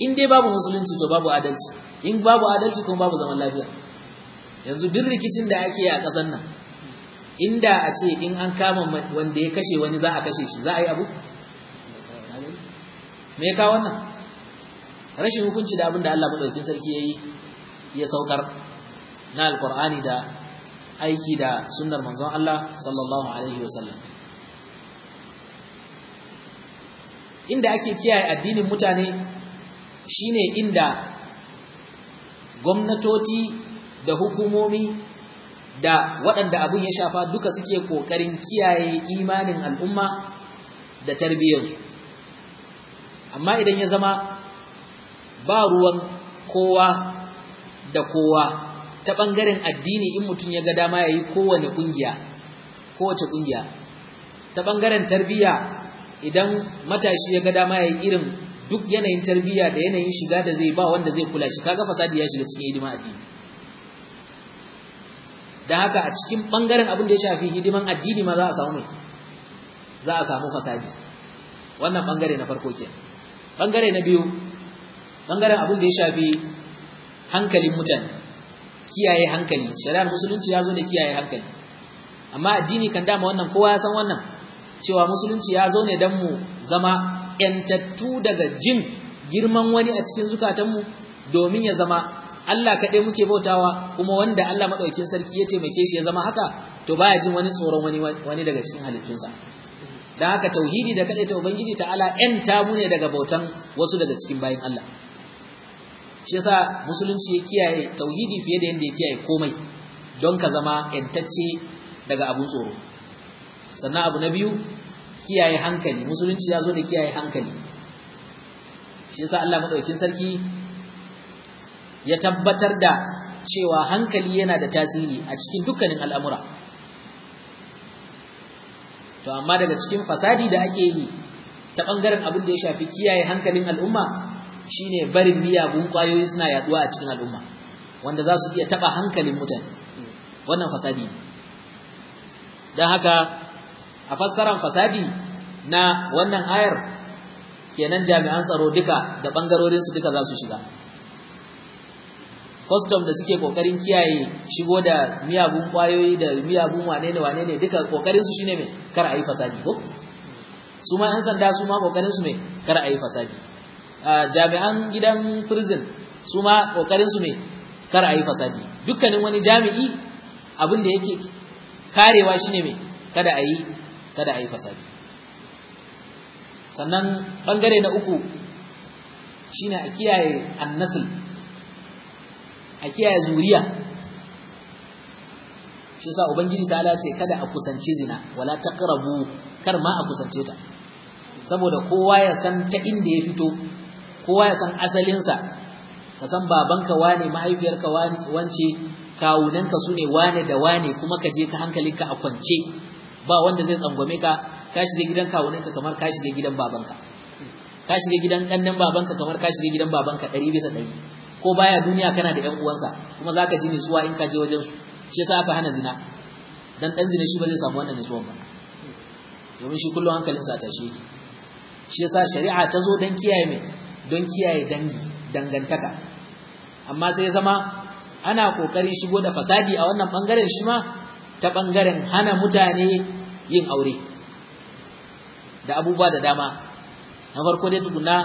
in dai babu musulunci to babu adalci in babu adalci kuma babu zaman lafiya yanzu duk rikicin da ake a ƙasar nan inda a ce in an kama wanda ya kashe wani za a kashe shi za a yi abu me ya wannan rashin hukunci da abin da Allah madaukakin sarki ya yi ya saukar na alkur'ani da aiki da sunnar manzon Allah sallallahu alaihi wasallam inda ake kiyaye addinin mutane shine inda gwamnatoci da hukumomi da waɗanda abun ya shafa duka suke ƙoƙarin kiyaye imanin al'umma da tarbiyyarsu amma idan ya zama ba ruwan kowa da kowa ta ɓangaren addini in mutum ya ga dama ya yi kowane ƙungiya kowace ƙungiya ta ɓangaren tarbiyya idan matashi ya ga dama ya yi irin duk yanayin tarbiyya da yanayin shiga da zai ba wanda zai kula shi kaga fasadi ya shiga cikin hidima addini da haka a cikin bangaren abin da ya shafi hidiman addini ma za a samu mai za a samu fasadi wannan bangare na farko ke bangare na biyu bangaren abin da ya shafi hankalin mutane kiyaye hankali shari'ar musulunci ya zo da kiyaye hankali amma addini kan dama wannan kowa ya san wannan cewa musulunci ya zo ne don mu zama yantattu daga jin girman wani a cikin zukatanmu domin ya zama Allah kaɗai muke bautawa kuma wanda Allah maɗaukin sarki ya taimake shi ya zama haka to baya jin wani tsoron wani wani daga cikin halittunsa dan haka tauhidi da kaɗai ta ubangiji ta'ala ɗan tamu ne daga bautan wasu daga cikin bayin Allah shi yasa musulunci ya kiyaye tauhidi fiye da yadda ya kiyaye komai don ka zama ƴantacce daga abun tsoro sannan abu na biyu kiyaye hankali musulunci ya zo da kiyaye hankali shi yasa Allah maɗaukin sarki ya tabbatar da cewa hankali yana da tasiri a cikin dukkanin al'amura to amma daga cikin fasadi da ake yi ta ɓangaren abin da ya shafi kiyaye hankalin al'umma shine barin miyagun ƙwayoyi suna yaduwa a cikin al'umma wanda za su iya taɓa hankalin mutane wannan fasadi ne don haka a fassaran fasadi na wannan ayar kenan jami'an tsaro duka da ɓangarorinsu duka za su shiga custom da suke kokarin kiyaye shigo da miyagun kwayoyi da miyagun wane ne wane ne duka kokarin su shine mai kar a yi fasadi ko su ma yan sanda su ma kokarin su mai kar a yi fasadi jami'an gidan prison su ma kokarin su mai kar a yi fasadi dukkanin wani jami'i abin da yake karewa shine mai kada a yi kada a yi fasadi sannan bangare na uku shine a kiyaye annasil a kiyaye zuriya shi sa ubangiji ta ce kada a kusance zina wala taqrabu kar ma a kusance ta saboda kowa ya san ta inda ya fito kowa ya san asalinsa ka san babanka wane mahaifiyarka wance kawunanka su ne wane da wane kuma ka je ka hankalinka a kwance ba wanda zai tsangwame ka ka shiga gidan kawunanka kamar ka shiga gidan babanka ka shiga gidan kannan babanka kamar ka shiga gidan babanka ɗari bisa ɗari ko baya duniya kana da yan uwansa kuma zaka ji suwa in ka je wajen su shi yasa aka hana zina dan dan zina shi ba zai samu wannan nutsuwa ba domin shi kullum hankalinsa ta shi yake shi yasa shari'a ta zo dan kiyaye mai don kiyaye dangi dangantaka amma sai zama ana kokari shigo da fasadi a wannan bangaren shi ma ta bangaren hana mutane yin aure da abubuwa da dama na farko dai tukuna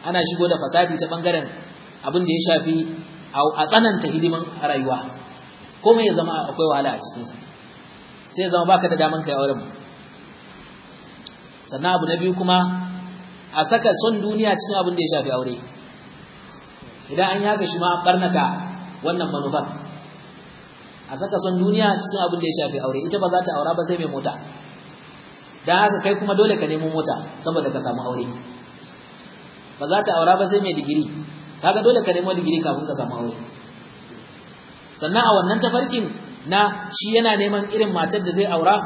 ana shigo da fasadi ta bangaren abin da ya shafi a tsananta hidiman rayuwa komai mai zama akwai wahala a cikinsa sai zama baka da daman kai auren sannan abu na biyu kuma a saka son duniya cikin abin da ya shafi aure idan an yi shi ma barnata wannan manufar a saka son duniya cikin abin da ya shafi aure ita ba za ta aura ba sai mai mota don haka kai kuma dole ka nemo mota saboda ka samu aure ba za ta aura ba sai mai digiri kaga dole ka nemo digiri kafin ka samu aure sannan a wannan tafarkin na shi yana neman irin matar da zai aura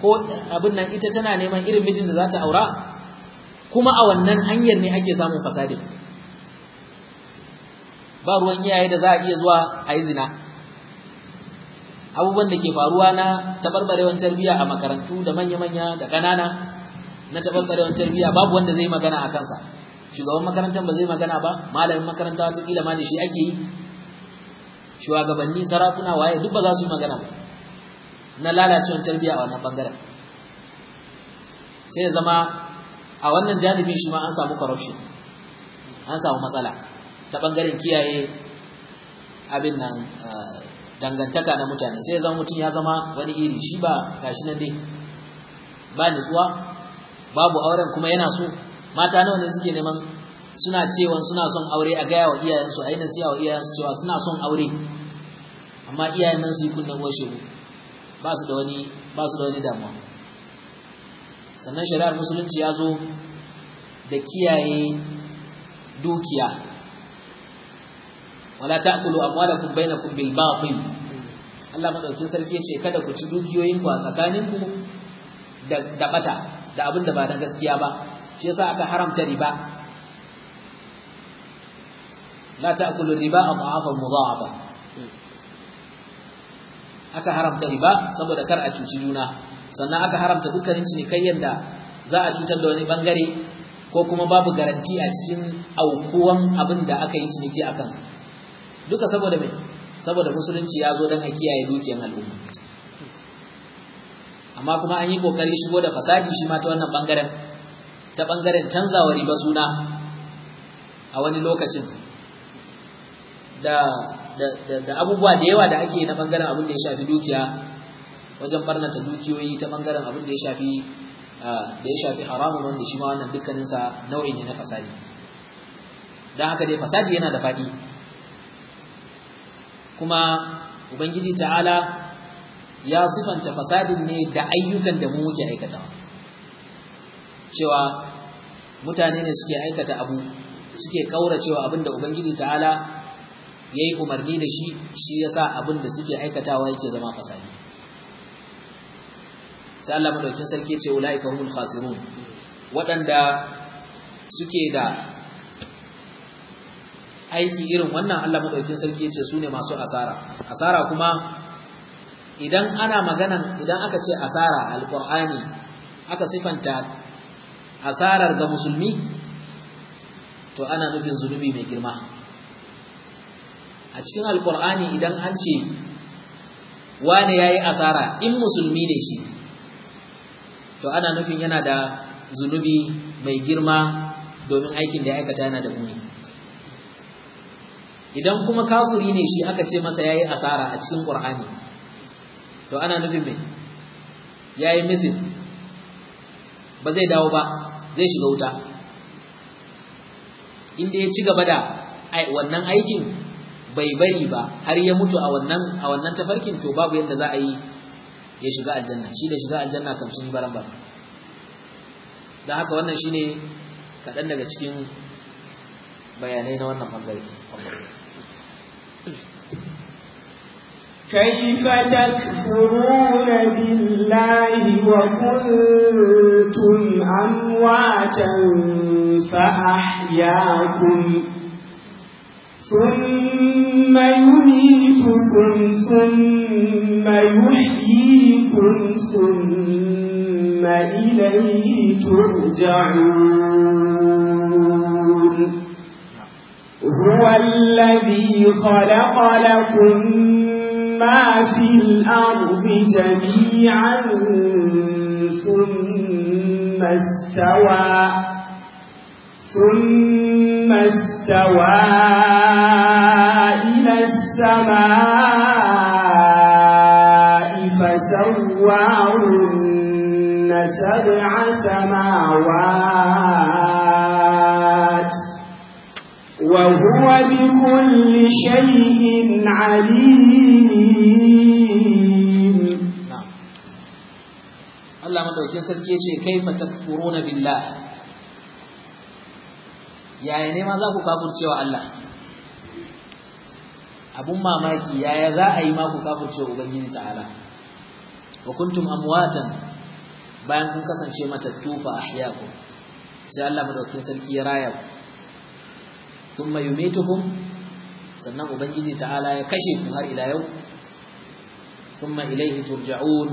ko abin nan ita tana neman irin mijin da za ta aura kuma a wannan hanyar ne ake samun fasadi ba ruwan iyaye da za a iya zuwa a yi zina abubuwan da ke faruwa na tabarbarewan tarbiyya a makarantu da manya-manya da ƙanana na tabarbarewan tarbiyya babu wanda zai magana a kansa shugaban makarantar ba zai magana ba malamin makaranta kila ma da shi ake yi shugabanni sarakuna waye duk ba za su magana ba na lalacewar tarbiyya a wannan bangaren sai zama a wannan janibin shi ma an samu corruption an samu matsala ta bangaren kiyaye abin nan eh, dangantaka na mutane sai zama mutum ya zama wani iri shi ba gashi nan dai ba nutsuwa babu auren kuma yana so mata nawa ne suke neman suna cewa suna son aure a gaya wa iyayensu a yi nasiya wa iyayensu cewa suna son aure amma iyayen nan su yi kunnen washe ba su da wani ba su da wani damuwa sannan shari'ar musulunci ya zo da kiyaye dukiya wala ta'kulu amwalakum bainakum bil batil Allah madaukin sarki yace kada ku ci dukiyoyin ku a tsakanin ku da da bata da abin da ba na gaskiya ba shi yasa aka haramta riba la ta'kulu riba adhafa mudhafa aka haramta riba saboda kar a cuci juna sannan aka haramta dukkanin cinikayyar da za a cutar da wani bangare ko kuma babu garanti a cikin aukuwan abin da aka yi ciniki a kansa duka saboda mai saboda musulunci ya zo don a kiyaye dukiyan al'umma amma kuma an yi kokari shigo da fasadi shi ma ta wannan bangaren ta ɓangaren canzawa riba suna a wani lokacin da, abubuwa da yawa da ake na ɓangaren abin da ya shafi dukiya wajen barnata dukiyoyi ta ɓangaren abin da ya shafi da ya shafi haramun wanda shi ma wannan dukkaninsa nau'in ne na fasadi don haka dai fasadi yana da faɗi kuma ubangiji ta'ala ya sifanta fasadin ne da ayyukan da mu muke aikatawa cewa mutane ne suke aikata abu suke kauracewa abin da ubangiji ta'ala ya yi umarni da shi shi ya sa abin da suke aikatawa yake zama fasadi sai Allah madaukin sarki ce ula'ika humul khasirun waɗanda suke da aiki irin wannan Allah madaukin sarki ce su ne masu asara asara kuma idan ana magana idan aka ce asara alqur'ani aka sifanta Asarar ga musulmi to ana nufin zunubi mai girma a cikin alkur'ani idan an ce wane ya yi asara in musulmi ne shi to ana nufin yana da zunubi mai girma domin aikin da ya aikata yana da muni idan kuma kafuri ne shi aka ce masa ya yi asara a cikin ƙur'ani to ana nufin mai ya yi misin ba zai dawo ba zai shiga wuta inda ya ci gaba da wannan aikin bai bari ba har ya mutu a wannan a wannan tafarkin to babu yadda za a yi ya shiga aljanna shi da shiga aljanna kam sun yi baran ba don haka wannan shine kaɗan daga cikin bayanai na wannan bangare كيف تكفرون بالله وكنتم أمواتا فأحياكم ثم يميتكم ثم يحييكم ثم إليه ترجعون هو الذي خلق لكم ما في الأرض جميعا ثم استوى ثم استوى إلى السماء فسواهن سبع سماوات وهو بكل شيء عليم Allah madaukin sarki yace kaifa takfuruna billah yaya ne ma za ku kafircewa Allah abun mamaki yaya za a yi ma ku ubangiji ta'ala wa kuntum amwatan bayan kun kasance matattu fa ahyaku. sai Allah madaukin sarki ya raya ku thumma yumitukum sannan ubangiji ta'ala ya kashe ku har ila yau thumma ilayhi turja'un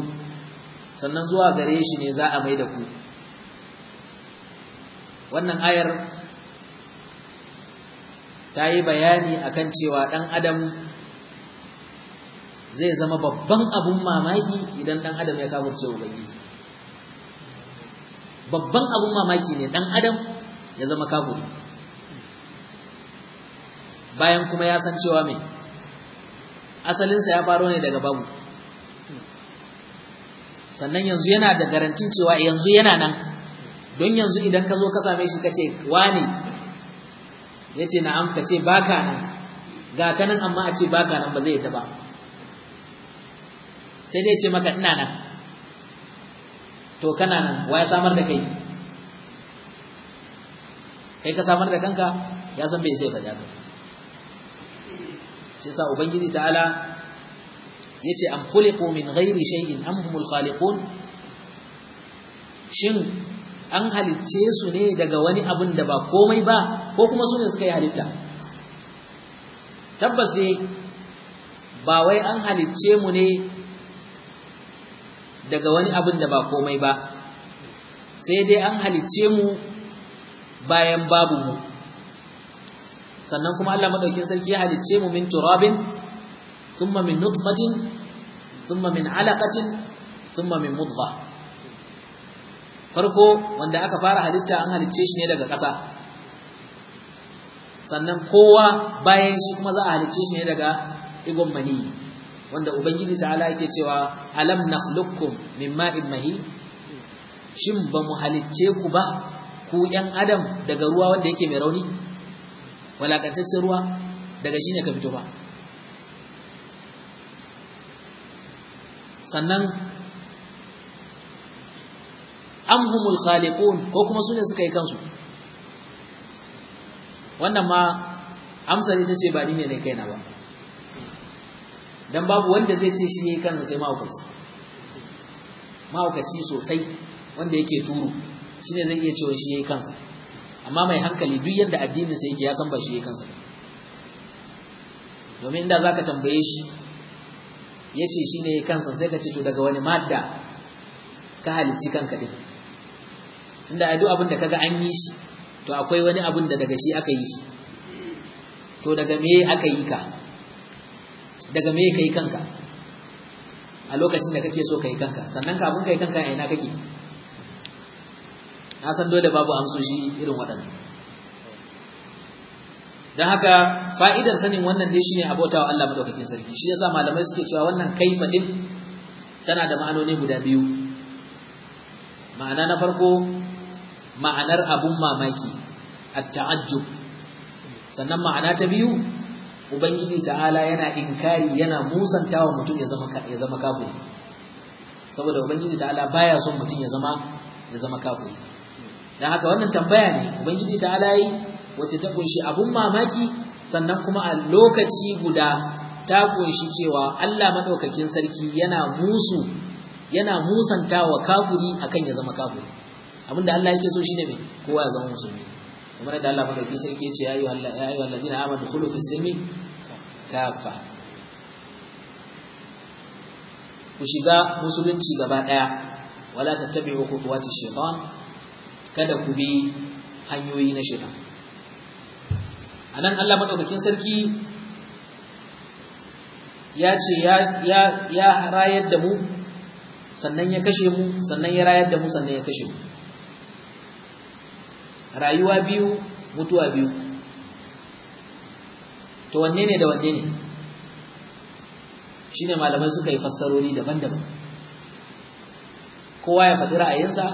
sannan zuwa gare shi ne za a maida ku wannan ayar ta yi bayani akan cewa dan adam zai zama babban abun mamaki idan dan adam ya kafurce ubangiji babban abun mamaki ne dan adam ya zama kafuri bayan kuma ya san cewa mai asalinsa ya faro ne daga babu sannan yanzu yana da garantin cewa yanzu yana nan don yanzu idan ka zo ka same shi ka ce wani ya ce na ka ce baka nan ga kanan amma a ce baka nan ba zai yadda ba sai dai ce maka ina nan to kana nan wa ya samar da kai kai ka samar da kanka ya san bai zai faɗa ka shi yasa ubangiji ta'ala yace am khuliqu min ghairi shay'in am humul khaliqun shin an halicce su ne daga wani abun da ba komai ba ko kuma su ne suka yi halitta tabbas dai ba wai an halicce mu ne daga wani abun da ba komai ba sai dai an halicce mu bayan babu mu sannan kuma Allah madaukin sarki ya halicce mu min turabin thumma min nutfatin thumma min alaqatin thumma min mudgha farko wanda aka fara halitta an halicce shi ne daga ƙasa sannan kowa bayan shi kuma za a halicce shi ne daga igon mani wanda ubangiji ta'ala yake cewa alam nakhluqukum min ma'in mahi shin ba mu halicce ku ba ku yan adam daga ruwa wanda yake mai rauni walakantaccen ruwa daga shi ne ka fito ba sannan amhumul khaliqun ko kuma su suka yi kansu wannan ma amsar ita ce ba ni ne kaina ba dan babu wanda zai ce shi ne kansa sai mahaukaci mahaukaci sosai wanda yake turu shine zai iya cewa shi ne kansa amma mai hankali duk yadda addinin sa yake ya san ba shi ya kansa domin inda zaka tambaye shi yace shi ya kansa sai ka ce to daga wani madda ka halicci kanka din tunda a duk abin da kaga an yi shi to akwai wani abin da daga shi aka yi shi to daga me aka yi ka daga me kai kanka a lokacin da kake so kai kanka sannan kafin kai kanka a ina kake na san dole babu amsoshi irin waɗannan don haka fa'idar sanin wannan dai shine wa Allah madaukakin sarki shi yasa malamai suke cewa wannan kaifa din tana da ma'anoni guda biyu ma'ana na farko ma'anar abun mamaki at-ta'ajjub sannan ma'ana ta biyu ubangiji ta'ala yana inkari yana musantawa mutum ya zama ya zama kafiri saboda ubangiji ta'ala baya son mutum ya zama ya zama kafiri dan haka wannan tambaya ne ubangiji ta alai wacce ta kunshi abun mamaki sannan kuma a lokaci guda ta kunshi cewa Allah madaukakin sarki yana musu yana musantawa kafiri akan ya zama kafiri abinda Allah yake so shine me kowa ya zama musulmi kamar da Allah madaukakin sarki yace ce ya ayyuhal ya ayyuhal ladina amanu khulu fi silmi kafa ku shiga musulunci gaba daya wala tattabi'u khutuwati shaytan kada ku bi hanyoyi na shaitan a nan Allah maɗaukakin sarki ya ce ya rayar da mu sannan ya kashe mu sannan ya rayar da mu sannan ya kashe mu rayuwa biyu mutuwa biyu to wanne ne da wanne ne shine malamai suka yi fassarori daban-daban kowa ya faɗi ra'ayinsa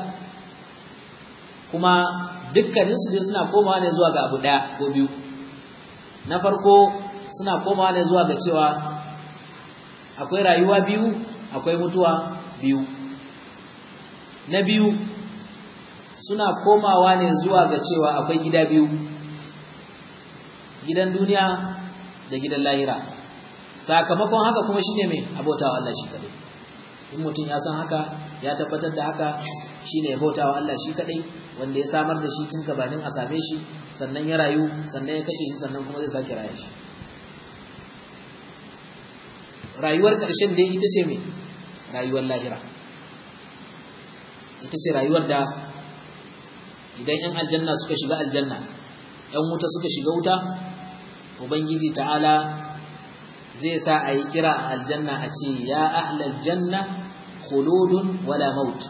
kuma dukkaninsu dai suna komawa ne zuwa ga abu ɗaya ko biyu na farko suna komawa ne zuwa ga cewa akwai rayuwa biyu akwai mutuwa biyu na biyu suna komawa ne zuwa ga cewa akwai gida biyu gidan duniya da gidan lahira sakamakon haka kuma shi ne mai abotawa Allah shi kadai in mutum ya san haka ya tabbatar da haka shi ne abotawa Allah shi kadai wanda ya samar da shi tun gabanin a same shi sannan ya rayu sannan ya kashe shi sannan kuma zai sake raya shi rayuwar ƙarshen dai ita ce mai rayuwar lahira ita ce rayuwar da idan 'yan aljanna suka shiga aljanna 'yan wuta suka shiga wuta ubangiji ta'ala zai sa a yi kira a aljanna a ce ya ahlal janna khuludun wala maut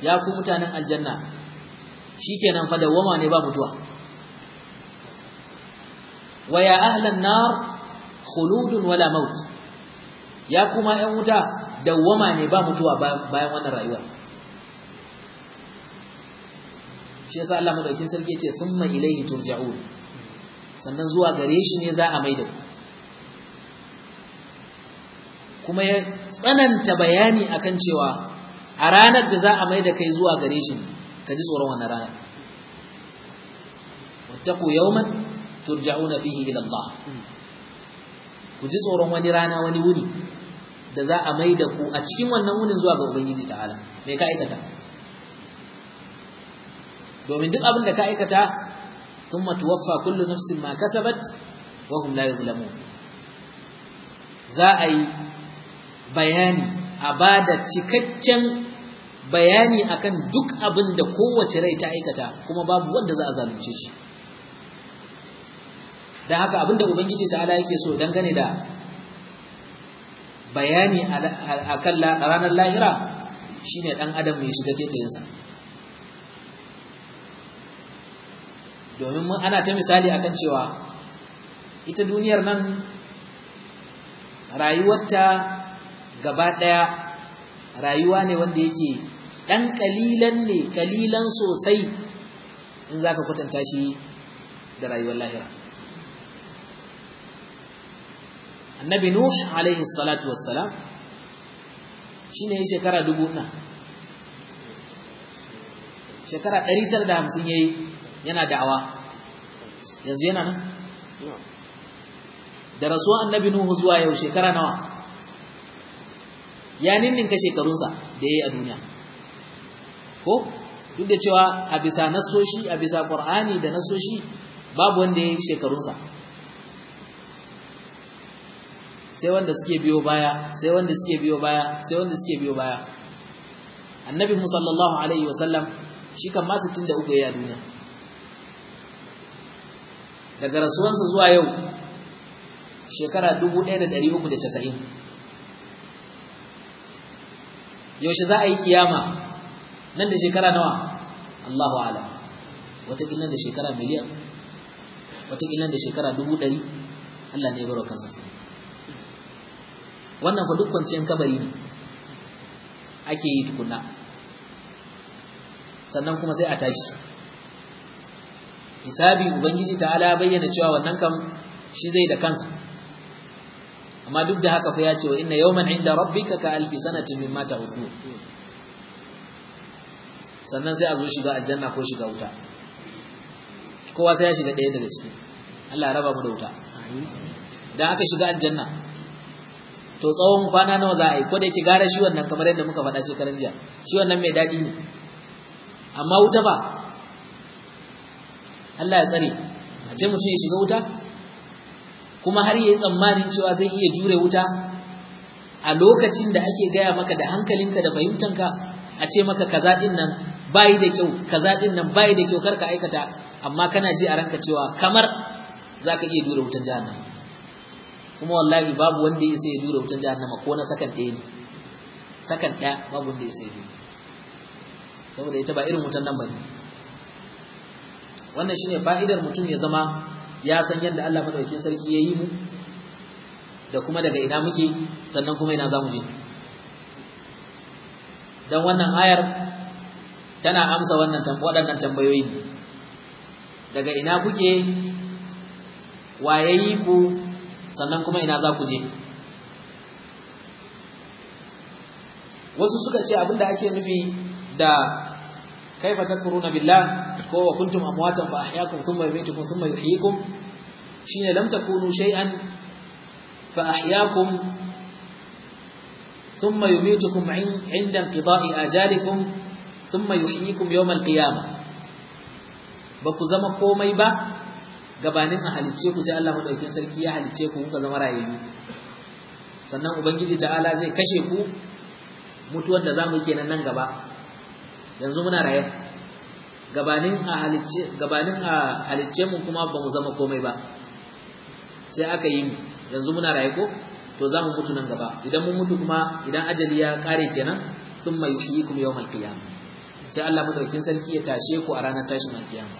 ya ku mutanen aljanna shikenan fa dawama ne ba mutuwa wa ya ahlan nar khuludun wala maut ya kuma ɗan wuta dawama ne ba mutuwa bayan wannan rayuwar shi yasa Allah madaukin sarki ce thumma ilayhi turja'un sannan zuwa gare shi ne za a maida kuma ya tsananta bayani akan cewa a ranar da za a maida kai zuwa gare shi ne ka ji tsoron wannan rana wattaqu yawman turja'una fihi ila Allah ku ji tsoron wani rana wani wuni da za a maida ku a cikin wannan wunin zuwa ga Ubangiji ta'ala me ka aikata domin duk abin da ka aikata thumma tuwaffa kullu nafsin ma kasabat wa hum la yuzlamun za a yi bayani a bada cikakken bayani akan duk abin da kowace rai ta aikata kuma babu wanda za a zalunce shi dan haka abinda ubangiji ala yake so dangane da bayani akan ranar lahira shine ɗan adam mai shiga tetayensa domin mun ana ta misali akan cewa ita duniyar nan rayuwarta gaba ɗaya rayuwa ne wanda yake ɗan ƙalilan ne ƙalilan sosai in za ka kwatanta shi da rayuwar lahira annabi nuh alaihi salatu wassalam shi ne shekara dubu na shekara 950 ya yi yana da'awa yanzu yana nan da rasuwa annabi nuhu zuwa yau shekara nawa ya ninninka shekarunsa da ya yi a duniya ko duk da cewa a bisa nasoshi a bisa qur'ani da nasoshi babu wanda ya yi shekarunsa sai wanda suke biyo baya sai wanda suke biyo baya sai wanda suke biyo baya annabi mu sallallahu alaihi wasallam shi kan ma 63 yayi ya duniya daga rasuwansa zuwa yau shekara 1390 yaushe za a yi kiyama nan da shekara nawa Allahu alam wataƙila nan da shekara miliyan wataƙila nan da shekara dubu ɗari Allah ne ya kansa sai wannan fa duk kwanciyar kabari ne ake yi tukunna sannan kuma sai a tashi hisabi ubangiji ta'ala bayyana cewa wannan kam shi zai da kansa amma duk da haka fa ya ce wa inna yawman inda rabbika ka alfi sanatin mimma ta'udun sannan sai a zo shiga aljanna ko shiga wuta kowa sai ya shiga ɗaya daga ciki Allah raba mu da wuta dan aka shiga aljanna to tsawon kwana nawa za a yi ko da yake gara shi wannan kamar yadda muka faɗa shekaran jiya shi wannan mai daɗi ne amma wuta ba Allah ya tsare a ce mutum ya shiga wuta kuma har yayi tsammanin cewa zai iya jure wuta a lokacin da ake gaya maka da hankalinka da fahimtanka a ce maka kaza din nan bayi da kyau kaza din nan bayi da kyau karka aikata amma kana ji a ranka cewa kamar zaka iya dura wutan jahannama kuma wallahi babu wanda ya sai ya dura wutan jahannama ko na sakan ɗaya ne sakan ɗaya babu wanda ya sai ya saboda ita ba irin wutan nan bane wannan shine fa'idar mutum ya zama ya san yadda Allah madaukakin sarki ya yi mu da kuma daga ina muke sannan kuma ina zamu je dan wannan ayar tana amsa wannan waɗannan tambayoyi daga ina kuke wayayi ku sannan kuma ina za ku je wasu suka ce abinda ake nufi da kaifa na billah ko wa kuntum amwatan fa ahyakum thumma yumitukum thumma yuhyikum shine lam takunu shay'an fa ahyakum thumma yumitukum 'inda inqida'i ajalikum thumma yuhyikum yawmal qiyamah ba ku zama komai ba gabanin a halicce ku sai Allah madaukin sarki ya halicce ku kuka zama rayayyu sannan ubangiji ta'ala zai kashe ku mutuwar da zamu kenan nan gaba yanzu muna raye gabanin a halicce gabanin a halicce mu kuma ba mu zama komai ba sai aka yi yanzu muna raye ko to za mu mutu nan gaba idan mun mutu kuma idan ajali ya kare kenan thumma yuhyikum yawmal qiyamah sai Allah madaukin sarki ya tashe ku a ranar tashin alkiyama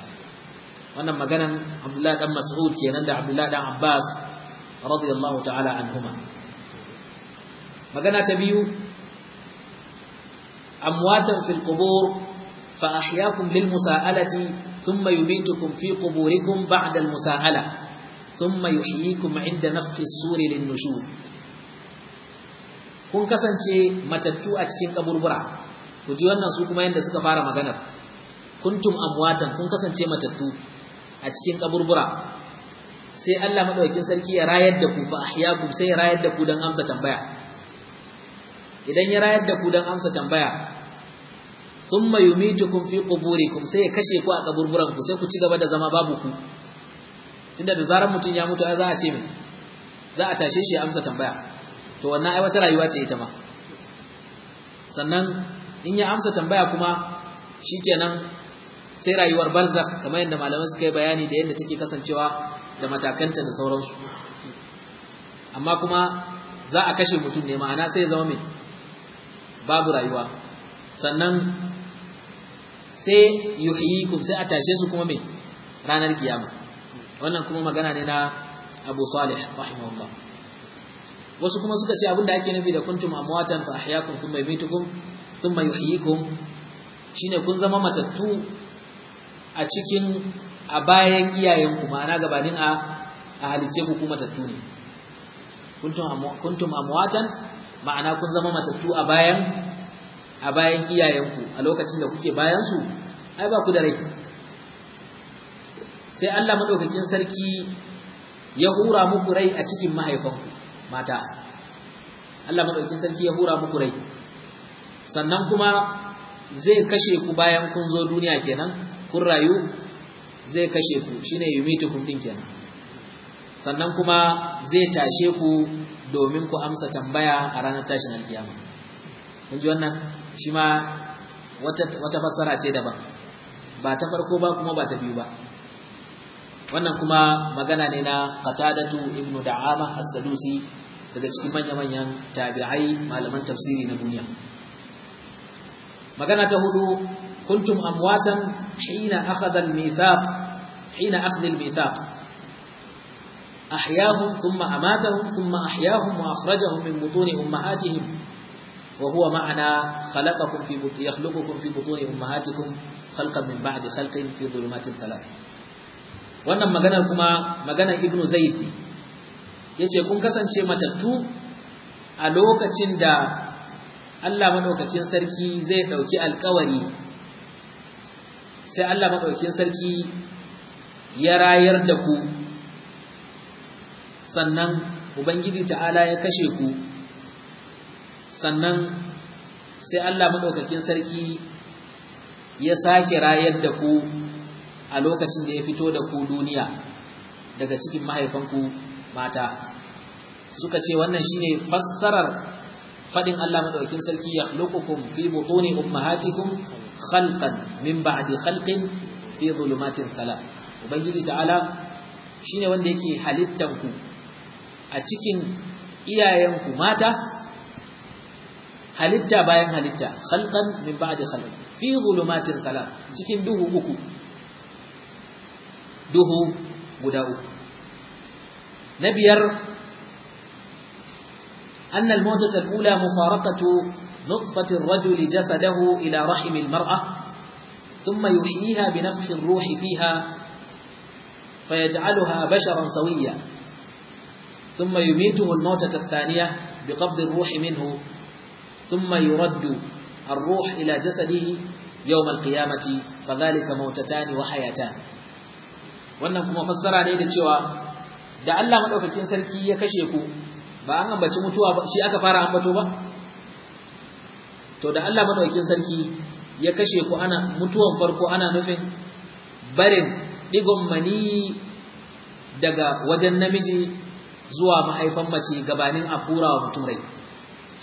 wannan maganan Abdullah dan Mas'ud kenan da Abdullah dan Abbas radiyallahu ta'ala anhuma magana ta biyu amwatan fil qubur fa ahyaakum lil musa'alati ثم يميتكم في قبوركم بعد المساءلة ثم يحييكم عند نفخ السور للنشور kun kasance matattu a cikin kaburbura ku ji wannan su kuma yanda suka fara maganar kuntum amwatan kun kasance matattu a cikin kaburbura sai Allah madaukakin sarki ya rayar da ku fa ahyakum sai ya rayar da ku dan amsa tambaya idan ya rayar da ku dan amsa tambaya thumma yumitukum fi quburikum sai ya kashe ku a kaburburan ku sai ku ci gaba da zama babu ku tunda da zarar mutun ya mutu za a ce mai za a tashe shi ya amsa tambaya to wannan ai wata rayuwa ce ita ma sannan in ya amsa tambaya kuma shi shikenan sai rayuwar barzakh kamar yadda malamai suka yi bayani da yadda take kasancewa da matakanta da sauransu amma kuma za a kashe mutum ne ma'ana sai zama mai babu rayuwa sannan sai yuhyikum sai a tashe su kuma mai ranar kiyama wannan kuma magana ne na Abu Salih rahimahullah wasu kuma suka ce abinda ake nufi da kuntum amwatan fa ahyakum thumma yumitukum thumma yuhyikum shine kun zama matattu a cikin a bayan iyayenku ma'ana gabanin a a halice ku kuma matattu ne kuntum amwatan ma'ana kun zama matattu a bayan a bayan iyayenku a lokacin da kuke bayan su ai ba ku da rai sai Allah madaukakin sarki ya hura muku rai a cikin mahaifanku mata Allah madaukakin sarki ya hura muku rai sannan kuma zai kashe ku bayan kun zo duniya kenan kun rayu zai kashe ku shine yumitukum din kenan sannan kuma zai tashe ku domin ku amsa tambaya a ranar tashin alkiyama kun ji wannan shi ma wata wata fassara ce daban ba ta farko ba kuma ba ta biyu ba wannan kuma magana ne na qatadatu ibnu da'ama as-sadusi daga cikin manya-manyan tabi'ai malaman tafsiri na duniya magana ta hudu kuntum amwatan hina akhadha al-mithaq hina akhdha al-mithaq ahyahum thumma amatahum thumma ahyahum wa akhrajahum min butuni ummahatihim wa huwa ma'ana khalaqakum fi butuni yakhluqukum fi butuni ummahatikum khalqan min ba'di khalqin fi dhulumatin thalath wannan maganar kuma maganar ibnu zaid yace kun kasance matattu a lokacin da Allah maɗaukakin sarki zai ɗauki alkawari sai Allah maɗaukakin sarki ya rayar da ku sannan Ubangiji ta'ala ya kashe ku sannan sai Allah maɗaukakin sarki ya sake rayar da ku a lokacin da ya fito da ku duniya daga cikin mahaifanku mata suka ce wannan shine fassarar fadin Allah madaukakin sarki yakhluqukum fi butuni ummahatikum khalqan min ba'di khalqin fi dhulumatin thalath ubangiji ta'ala shine wanda yake halittan a cikin iyayenku mata halitta bayan halitta khalqan min ba'di khalq fi zulumatin thalath cikin duhu uku duhu guda uku na biyar أن الموتة الأولى مفارقة نطفة الرجل جسده إلى رحم المرأة ثم يحييها بنفخ الروح فيها فيجعلها بشرا سويا ثم يميته الموتة الثانية بقبض الروح منه ثم يرد الروح إلى جسده يوم القيامة فذلك موتتان وحياتان وأنكم kuma عليه الجواب da cewa da Allah madaukakin sarki ya kashe ku ba an ambaci mutuwa ba shi aka fara ambato ba to da Allah madaukakin sarki ya kashe ku ana mutuwan farko ana nufin barin digon mani daga wajen namiji zuwa mahaifan mace gabanin a kura wa mutum rai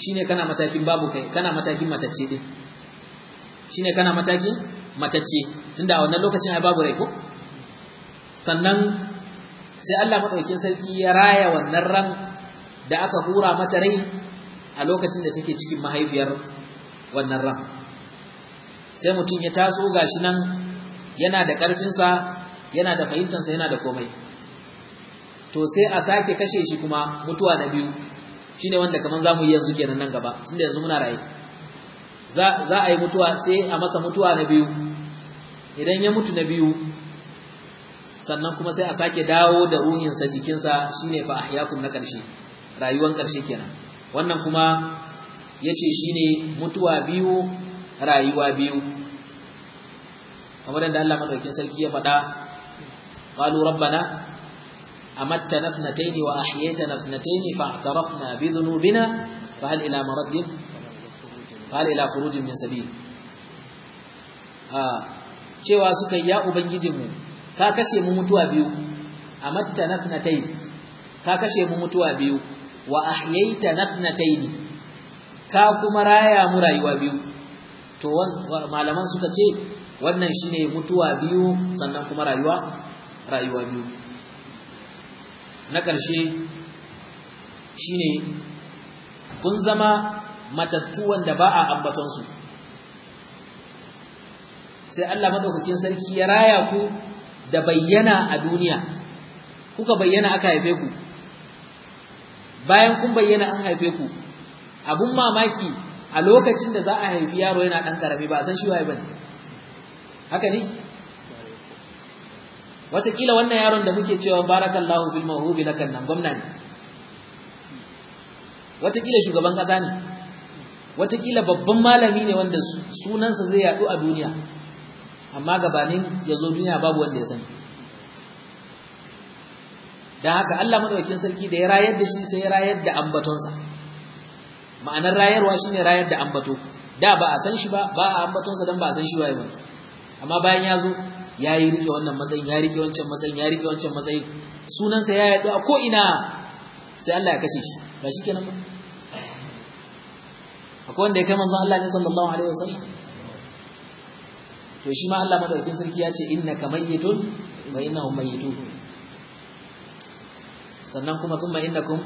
shine kana matakin babu kai kana matakin matacce din shine kana matakin matacce tunda a wannan lokacin ai babu rai ko sannan sai Allah madaukakin sarki ya raya wannan ran da aka hura mata rai a lokacin da take cikin mahaifiyar wannan ran sai mutum ya taso gashi nan yana da ƙarfinsa yana da fahimtansa yana da komai to sai a sake kashe shi kuma mutuwa na biyu shine wanda kaman zamu yi yanzu kenan nan gaba tunda yanzu muna raye za a yi mutuwa sai a masa mutuwa na biyu idan ya mutu na biyu sannan kuma sai a sake dawo da ruhinsa jikinsa shine fa ahyakum na ƙarshe rayuwar ƙarshe kenan wannan kuma yace shine mutuwa biyu rayuwa biyu kamar yadda Allah madaukakin sarki ya faɗa qalu rabbana amattana ne wa ahyaytana ithnatayn fa'tarafna bi dhunubina fa hal ila maraddin fa hal ila khurujin min sabil a cewa suka ya ubangijinmu ka kashe mu mutuwa biyu amattana ithnatayn ka kashe mu mutuwa biyu wa ahyaita nafnataini ka kuma raya mu rayuwa biyu to malaman suka ce wannan shine mutuwa biyu sannan kuma rayuwa rayuwa biyu na ƙarshe shine kun zama matattu wanda ba a ambaton sai Allah madaukakin sarki ya raya ku da bayyana a duniya kuka bayyana aka haife ku bayan kun bayyana an haife ku abun mamaki a lokacin da za a haifi yaro yana ɗan karami ba a san shi waye bane haka ne wataƙila wannan yaron da muke cewa barakallahu fil mawhubi lakan nan gwamna ne wataƙila shugaban ƙasa ne wataƙila babban malami ne wanda sunansa zai yaɗu a duniya amma gabanin ya zo duniya babu wanda ya sani Da haka Allah madaukakin sarki da ya rayar da shi sai ya rayar da ambatonsa ma'anar rayarwa shi ne rayar da ambato da ba a san shi ba ba a ambatonsa dan ba a san shi ba amma bayan ya zo ya yi rike wannan matsayin ya rike wancan matsayin ya rike wancan matsayin sunansa ya yaɗu a ko'ina sai Allah ya kashe shi ba shi kenan ba akwai wanda ya kai manzon Allah ne sallallahu alaihi wasallam to shi ma Allah madaukakin sarki ya ce innaka mayyitun wa innahum mayyitun sannan kuma thumma innakum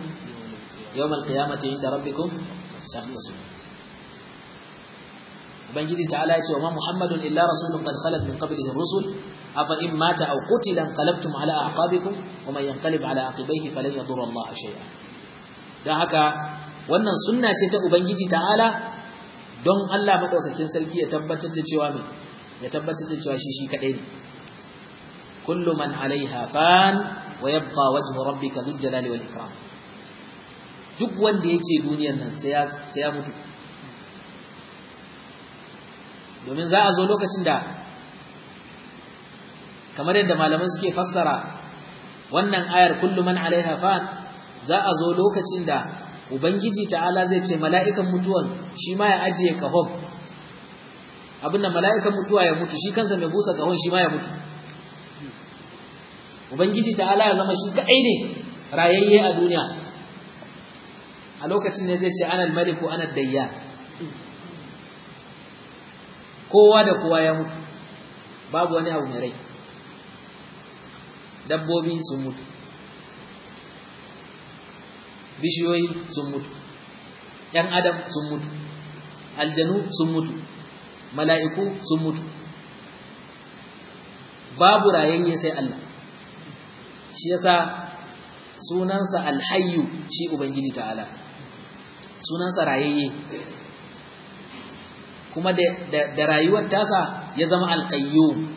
yawmal qiyamati inda rabbikum su. ubangiji ta'ala ya ce wa muhammadun illa rasulun qad min qablihi rusul afa in mata a qutila qalabtum ala aqabikum wa man yanqalib ala ya falan yadurra Allah shay'a Don haka wannan sunna ce ta ubangiji ta'ala don Allah madaukakin sarki ya tabbatar da cewa me ya tabbatar da cewa shi shi kaɗai ne kullu man alaiha fan ويبقى وجه ربك ذو الجلال jalali wal ikram duk wanda yake duniyar nan sai ya mutu domin za a zo lokacin da kamar yadda malaman suke fassara wannan ayar kullu man alaiha fan za a zo lokacin da ubangiji ta'ala zai ce mala'ikan mutuwan shi ma ya ajiye kahon abin da mala'ikan mutuwa ya mutu shi kansa mai busa kahon shi ma ya mutu ubangiji ta'ala ya zama shi ka ne rayayye a duniya a lokacin ne zai ce ana maliku ana dayya kowa da kowa ya mutu babu wani abu mai rai dabbobi sun mutu bishiyoyi sun mutu ‘yan adam sun mutu aljanu sun mutu mala'iku sun mutu babu rayayye sai Allah shi yasa sunansa alhayyu shi ubangiji ta'ala sunansa rayayye kuma da rayuwar tasa ya zama alqayyum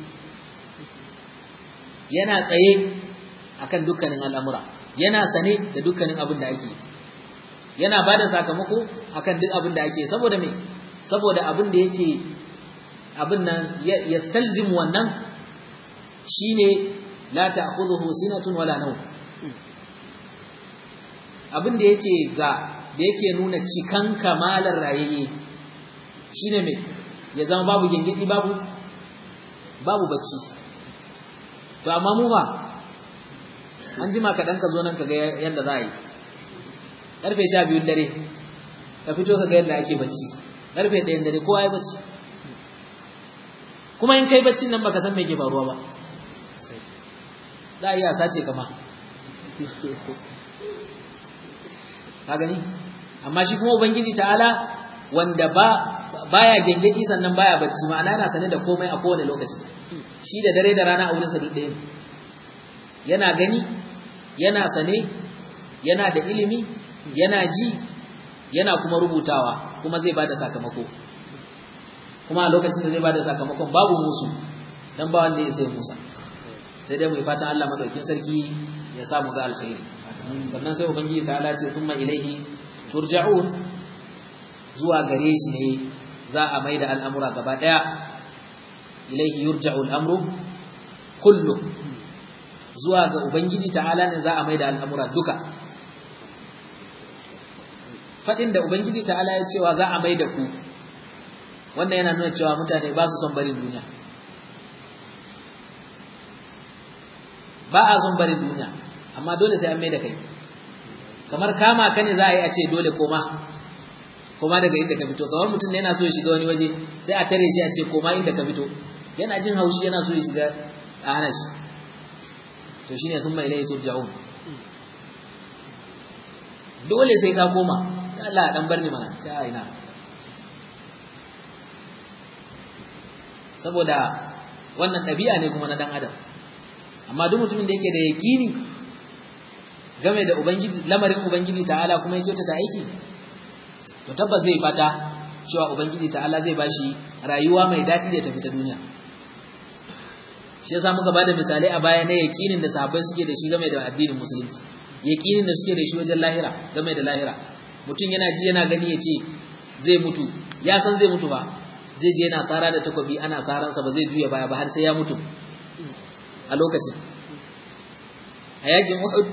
yana tsaye akan dukkanin al'amura yana sane da dukkanin abin da ake yana bada sakamako akan duk abin da ake saboda me saboda abin da yake abin nan ya stalzim wannan shine لا ta'khudhuhu sinatun wala نوم abin da yake ga da yake nuna cikan kamalar rayayye shine me ya zama babu gengedi babu babu bacci to amma mu ba an jima kaɗan ka zo nan ka ga yadda za a yi ƙarfe sha biyun dare ka fito ka ga yadda ake bacci ƙarfe ɗayan dare ko ai bacci kuma in kai baccin nan baka san me ke faruwa ba za a iya sace kama ka gani amma shi kuma ubangiji ta'ala wanda ba baya gengedi sannan baya bacci ma'ana yana sane da komai a kowane lokaci shi da dare da rana a wurin sa duk ɗaya yana gani yana sane yana da ilimi yana ji yana kuma rubutawa kuma zai bada sakamako kuma a lokacin da zai bada sakamakon babu musu dan ba wanda ya sai musa sai dai mu yi fatan Allah madaukin sarki ya samu ga alkhairi sannan sai ubangiji ta Allah ce thumma ilaihi turja'un zuwa gare shi ne za a maida al'amura gaba daya ilaihi yurja'ul amru kullu zuwa ga ubangiji ta'ala ne za a maida al'amura duka fadin da ubangiji ta'ala ya cewa za a maida ku wannan yana nuna cewa mutane ba su son barin duniya ba a son bari duniya amma dole sai an mai da kai kamar kama ka ne za a yi a ce dole koma koma daga inda ka fito kamar mutum ne yana so ya shiga wani waje sai a tare shi a ce koma inda ka fito yana jin haushi yana so ya shiga a hana shi to shine sun mai ilai turja'un dole sai ka koma Allah dan bar ni mana ta ina saboda wannan ɗabi'a ne kuma na dan adam amma duk mutumin da yake da yaqini game da ubangiji lamarin ubangiji ta'ala kuma yake ta aiki to tabbas zai fata cewa ubangiji ta'ala zai bashi rayuwa mai daɗi da tafi ta duniya shi yasa muka bada misalai a baya na yaqinin da sahabbai suke da shi game da addinin musulunci yaqinin da suke da shi wajen lahira game da lahira mutum yana ji yana gani ya ce zai mutu ya san zai mutu ba zai je yana sara da takobi ana saransa ba zai juya baya ba har sai ya mutu a lokacin a yakin Uhud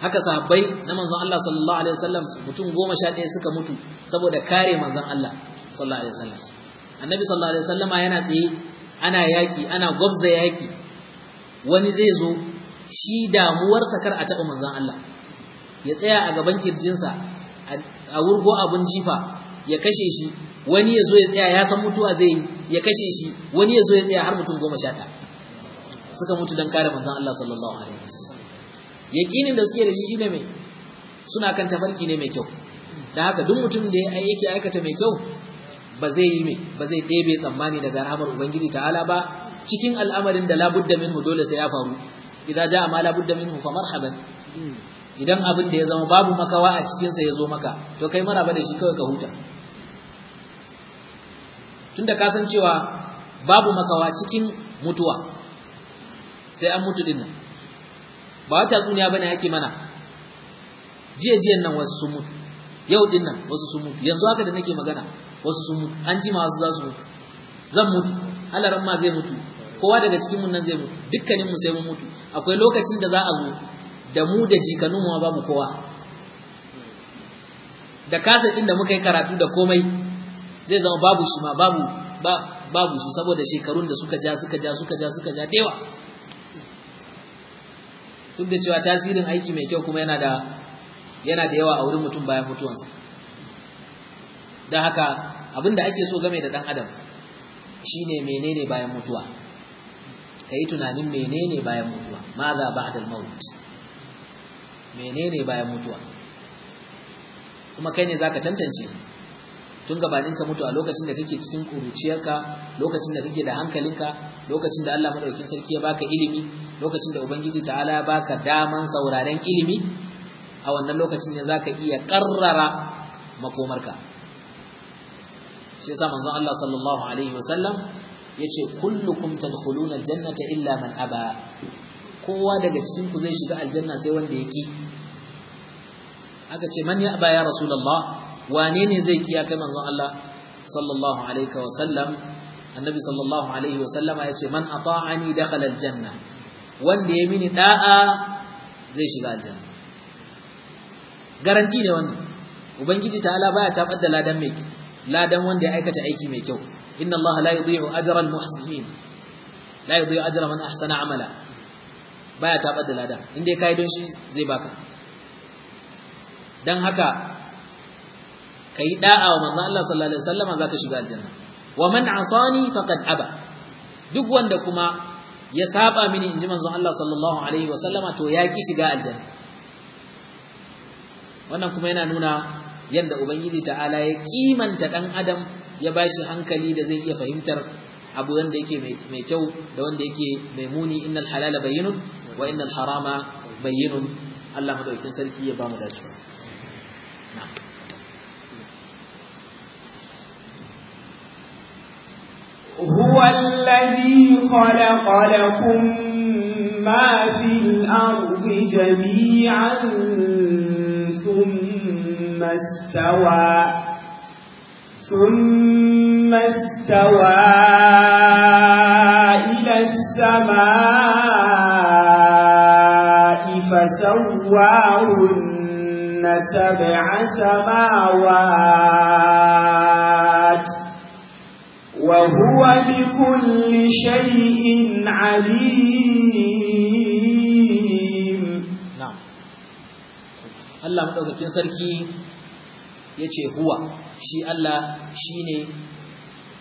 haka sahabbai na manzon Allah sallallahu alaihi wasallam mutum goma sha ɗaya suka mutu saboda kare manzon Allah sallallahu alaihi wasallam annabi sallallahu alaihi wasallam yana tsaye ana yaki ana gwabza yaki wani zai zo shi damuwarsa kar a taɓa manzon Allah ya tsaya a gaban kirjinsa a wurgo abun jifa ya kashe shi wani ya zo ya tsaya ya san mutuwa zai yi ya kashe shi wani ya zo ya tsaya har mutum goma sha ɗaya suka mutu dan kare manzon Allah sallallahu alaihi wasallam da suke da shi shine mai suna kan tafarki ne mai kyau da haka duk mutum da ya yake aikata mai kyau ba zai yi mai ba zai ɗebe tsammani daga rahamar ubangiji ta'ala ba cikin al'amarin da labudda minhu dole sai ya faru idan ja ma labudda minhu fa marhaban idan abin da ya zama babu makawa a cikin sa ya zo maka to kai maraba da shi kawai ka huta tunda ka san cewa babu makawa cikin mutuwa sai an mutu dinnan ba wata tsuniya bane yake mana jiya jiyan nan wasu sun mutu yau dinnan wasu sun mutu yanzu haka da nake magana wasu sun mutu an jima wasu za su mutu zan mutu alaran ma zai mutu kowa daga cikin mun nan zai mutu dukkanin mu sai mun mutu akwai lokacin da za a zo da mu da jikanun mu babu kowa da kasa din da muka yi karatu da komai zai zama babu shi ma babu babu shi saboda shekarun da suka ja suka ja suka ja suka ja dewa duk da cewa tasirin aiki mai kyau kuma yana da yana da yawa a wurin mutum bayan mutuwansa don haka abinda ake so game da dan adam shine menene bayan mutuwa kai tunanin menene bayan mutuwa maza ba'da al-maut menene bayan mutuwa kuma kai ne zaka tantance tun gabanin ka mutu a lokacin da kake cikin kuruciyarka lokacin da kake da hankalinka lokacin da Allah madaukakin sarki ya baka ilimi lokacin da ubangiji ta'ala baka daman sauraren ilimi a wannan lokacin ne za ka iya karrara makomarka shi yasa zan Allah sallallahu alaihi wasallam yace kullukum tadkhuluna aljannata illa man aba kowa daga cikinku zai shiga aljanna sai wanda yake aka ce man ya aba ya rasulullah wane ne zai kiya kai manzon Allah sallallahu alaihi wa sallam? annabi sallallahu alaihi wa wasallama yace man ata'ani dakhala aljanna wanda ya mini da'a zai shiga aljanna garanti ne wannan ubangiji ta ala baya tabar da ladan mai ladan wanda ya aikata aiki mai kyau inna allaha la yudhi'u ajra al muhsinin la yudhi'u ajra man ahsana amala baya tabar da ladan inda kai don shi zai baka dan haka kai da'a wa manzo Allah sallallahu alaihi wasallam zaka shiga aljanna wa man asani faqad aba duk wanda kuma ya saba mini inji manzon Allah sallallahu alaihi sallama to ya ki shiga aljanna wannan kuma yana nuna yadda ubangiji ta'ala ya kimanta dan adam ya bashi hankali da zai iya fahimtar abu wanda yake mai kyau da wanda yake mai muni innal halala bayyinun wa innal harama bayyinun Allah madaukakin sarki ya ba mu dace na'am الذي خلق لكم ما في الأرض جميعا ثم استوى ثم استوى إلى السماء فسواهن سبع سماوات وهو بكل شيء عليم نعم الله مدوكين سركي yace huwa shi Allah shine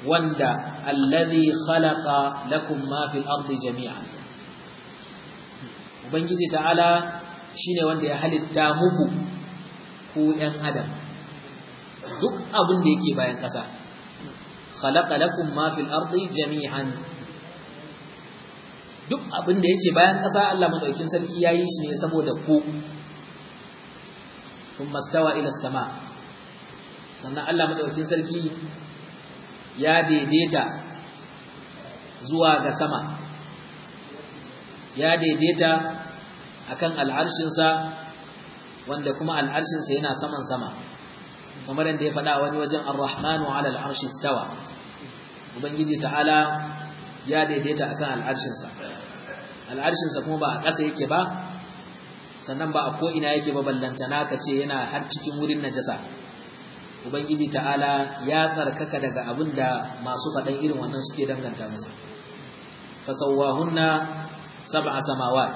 wanda allazi khalaqa lakum ma fil ardi ubangiji ta'ala shine wanda ya halitta muku ku ɗan adam duk abin yake bayan ƙasa khalaqa lakum ma fil jami'an duk abin da yake bayan ƙasa Allah madaukin sarki yayi shi ne saboda ku thumma mastawa ila sama sannan Allah madaukin sarki ya daidaita zuwa ga sama ya daidaita akan al'arshinsa wanda kuma al'arshinsa yana saman sama kamar yadda ya faɗa wani wajen ar-rahmanu ala al-arshi ubangiji ta'ala ya daidaita akan al-arshin sa al sa kuma ba a ƙasa yake ba sannan ba a ko'ina ina yake ba ballantana ka ce yana har cikin wurin najasa ubangiji ta'ala ya tsarkaka daga abin da masu faɗan irin wannan suke danganta masa fasawahunna sab'a samawat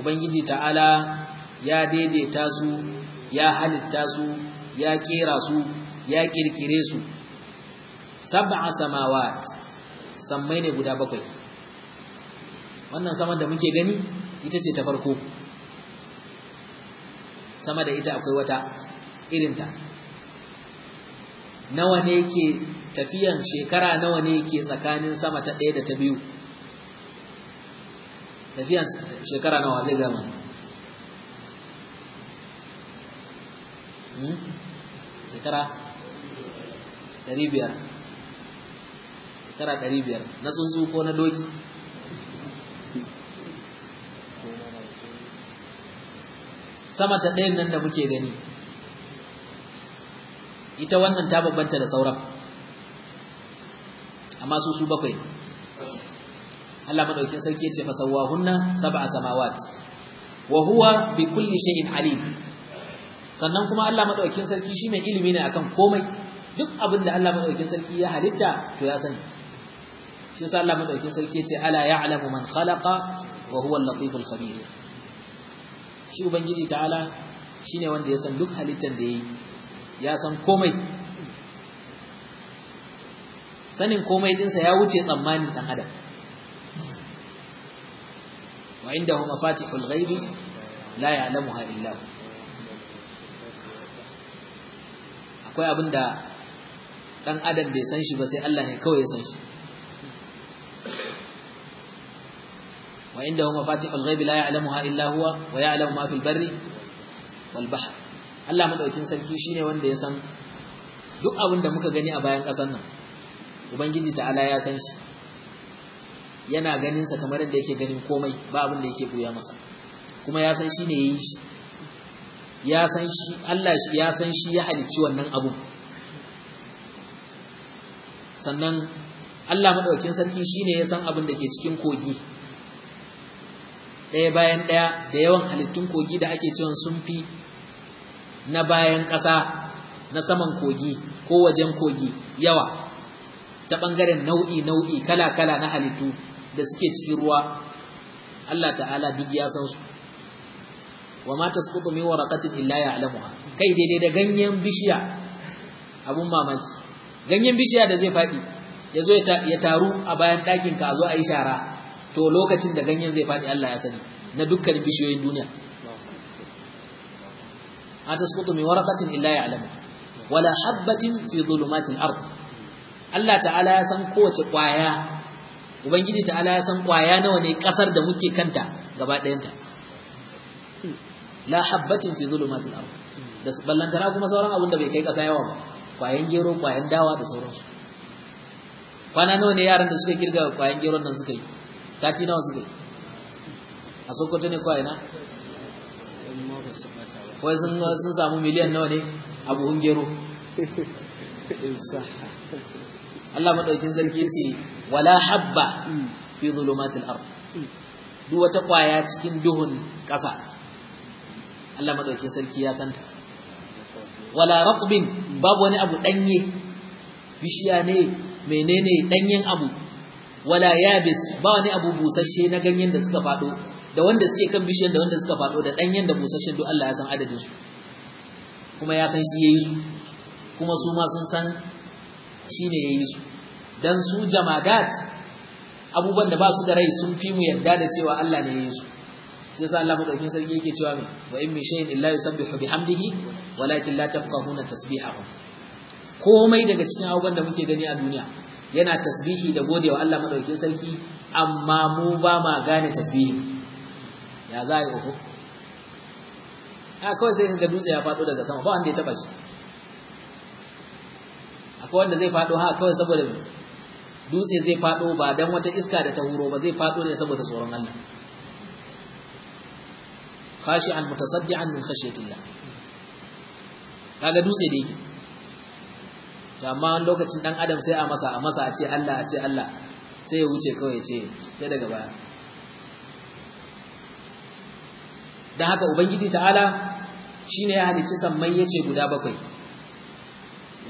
ubangiji ta'ala ya daidaita su ya halitta su ya kera su ya kirkire su sab'a samawat sammai ne guda bakwai wannan saman da muke gani ita ce ta farko sama da ita akwai wata irinta nawa ne ke tafiyan shekara nawa ne ke tsakanin sama ta ɗaya da ta biyu tafiyan shekara nawa zai gama hmm? biyar, 500 shekara biyar na tsuntsu ko na doki sama ta ɗayan nan da muke gani ita wannan ta babbanta da sauran amma su su bakwai Allah madaukin sarki ya ce fasawahunna sab'a samawat wa huwa bi kulli shay'in alim sannan kuma Allah madaukakin sarki shi mai ilimi ne akan komai duk abin da Allah madaukakin sarki ya halitta to ya sani shi yasa Allah madaukakin sarki yace ala ya'lamu man khalaqa wa huwa al-latiful khabir shi ubangiji ta'ala shine wanda ya san duk halittar da yayi ya san komai sanin komai dinsa ya wuce tsammanin dan adam wa indahu mafatihul ghaibi la ya'lamuha illa hu akwai abin da ɗan adam bai san shi ba sai Allah ne kawai ya san shi wa inda huwa mafatihul ghaibi la ya'lamuha illa huwa wa ya'lamu ma fil barri wal bahr Allah madaukin sarki shine wanda ya san duk abin da muka gani a bayan ƙasar nan ubangiji ta'ala ya san shi yana ganin sa kamar yadda yake ganin komai ba abin da yake buya masa kuma ya san shine yayi shi ya san shi Allah ya san shi ya halicci wannan abu sannan Allah maɗaukin sarki shine ya san abin da ke cikin kogi ɗaya bayan ɗaya da yawan halittun kogi da ake cewa sun fi na bayan ƙasa na saman kogi ko wajen kogi yawa ta ɓangaren nau'i nau'i kala kala na halittu da suke cikin ruwa Allah ta'ala duk ya san su wa ma tasqutu min waraqatin illa ya'lamuha kai daidai da ganyen bishiya abun mamaki ganyen bishiya da zai faɗi ya zo ya taru a bayan ɗakin ka a zo a yi shara to lokacin da ganyen zai faɗi Allah ya sani na dukkan bishiyoyin duniya ma tasqutu min waraqatin illa ya'lamuha wala habbatin fi dhulumatil ard Allah ta'ala ya san kowace kwaya ubangiji ta'ala ya san kwaya nawa ne kasar da muke kanta gaba ɗayanta la habbatin fi zulumatil ardh da ballantana kuma sauran abun da bai kai kasa yawa ba kwayan gero kwayan dawa da su kwana nawa ne yaran da suka kirga kwayan geron nan suka yi sati nawa suka yi a sokoto ne kwayana ko sun sun samu miliyan nawa ne a buhun gero Allah madaukin sarki ce wala habba fi zulumatil ard duk wata kwaya cikin duhun kasa Allah madaukin sarki ya santa wala raqbin babu wani abu danye bishiya ne menene danyen abu wala yabis ba wani abu busasshe na ganyen da suka fado da wanda suke kan bishiyar da wanda suka fado da danyen da busashe duk Allah ya san adadin su kuma ya san shi yayi su kuma su ma sun san shi ya yayi su dan su jamadat abubuwan da ba su da rai sun fi mu yarda da cewa Allah ne yayi su Sai sa Allah madaukin sarki yake cewa mai, wa in min shay'in illa yusabbihu bihamdihi walakin la tafqahuna tasbihahum komai daga cikin abubuwan da muke gani a duniya yana tasbihi da godewa Allah madaukin sarki amma mu ba ma gane tasbihi ya za yi uku a kawai sai ga dutse ya faɗo daga sama ba wanda ya taɓa shi akwai wanda zai faɗo ha kawai saboda dutse zai faɗo ba dan wata iska da ta huro ba zai faɗo ne saboda tsoron Allah khashi'an mutasaddian min khashyatillah kaga dutse da yake lokacin dan adam sai a masa a masa a ce Allah a ce Allah sai ya wuce kawai ya ce sai daga baya dan haka ubangiji ta'ala shine ya halicci sammai yace guda bakwai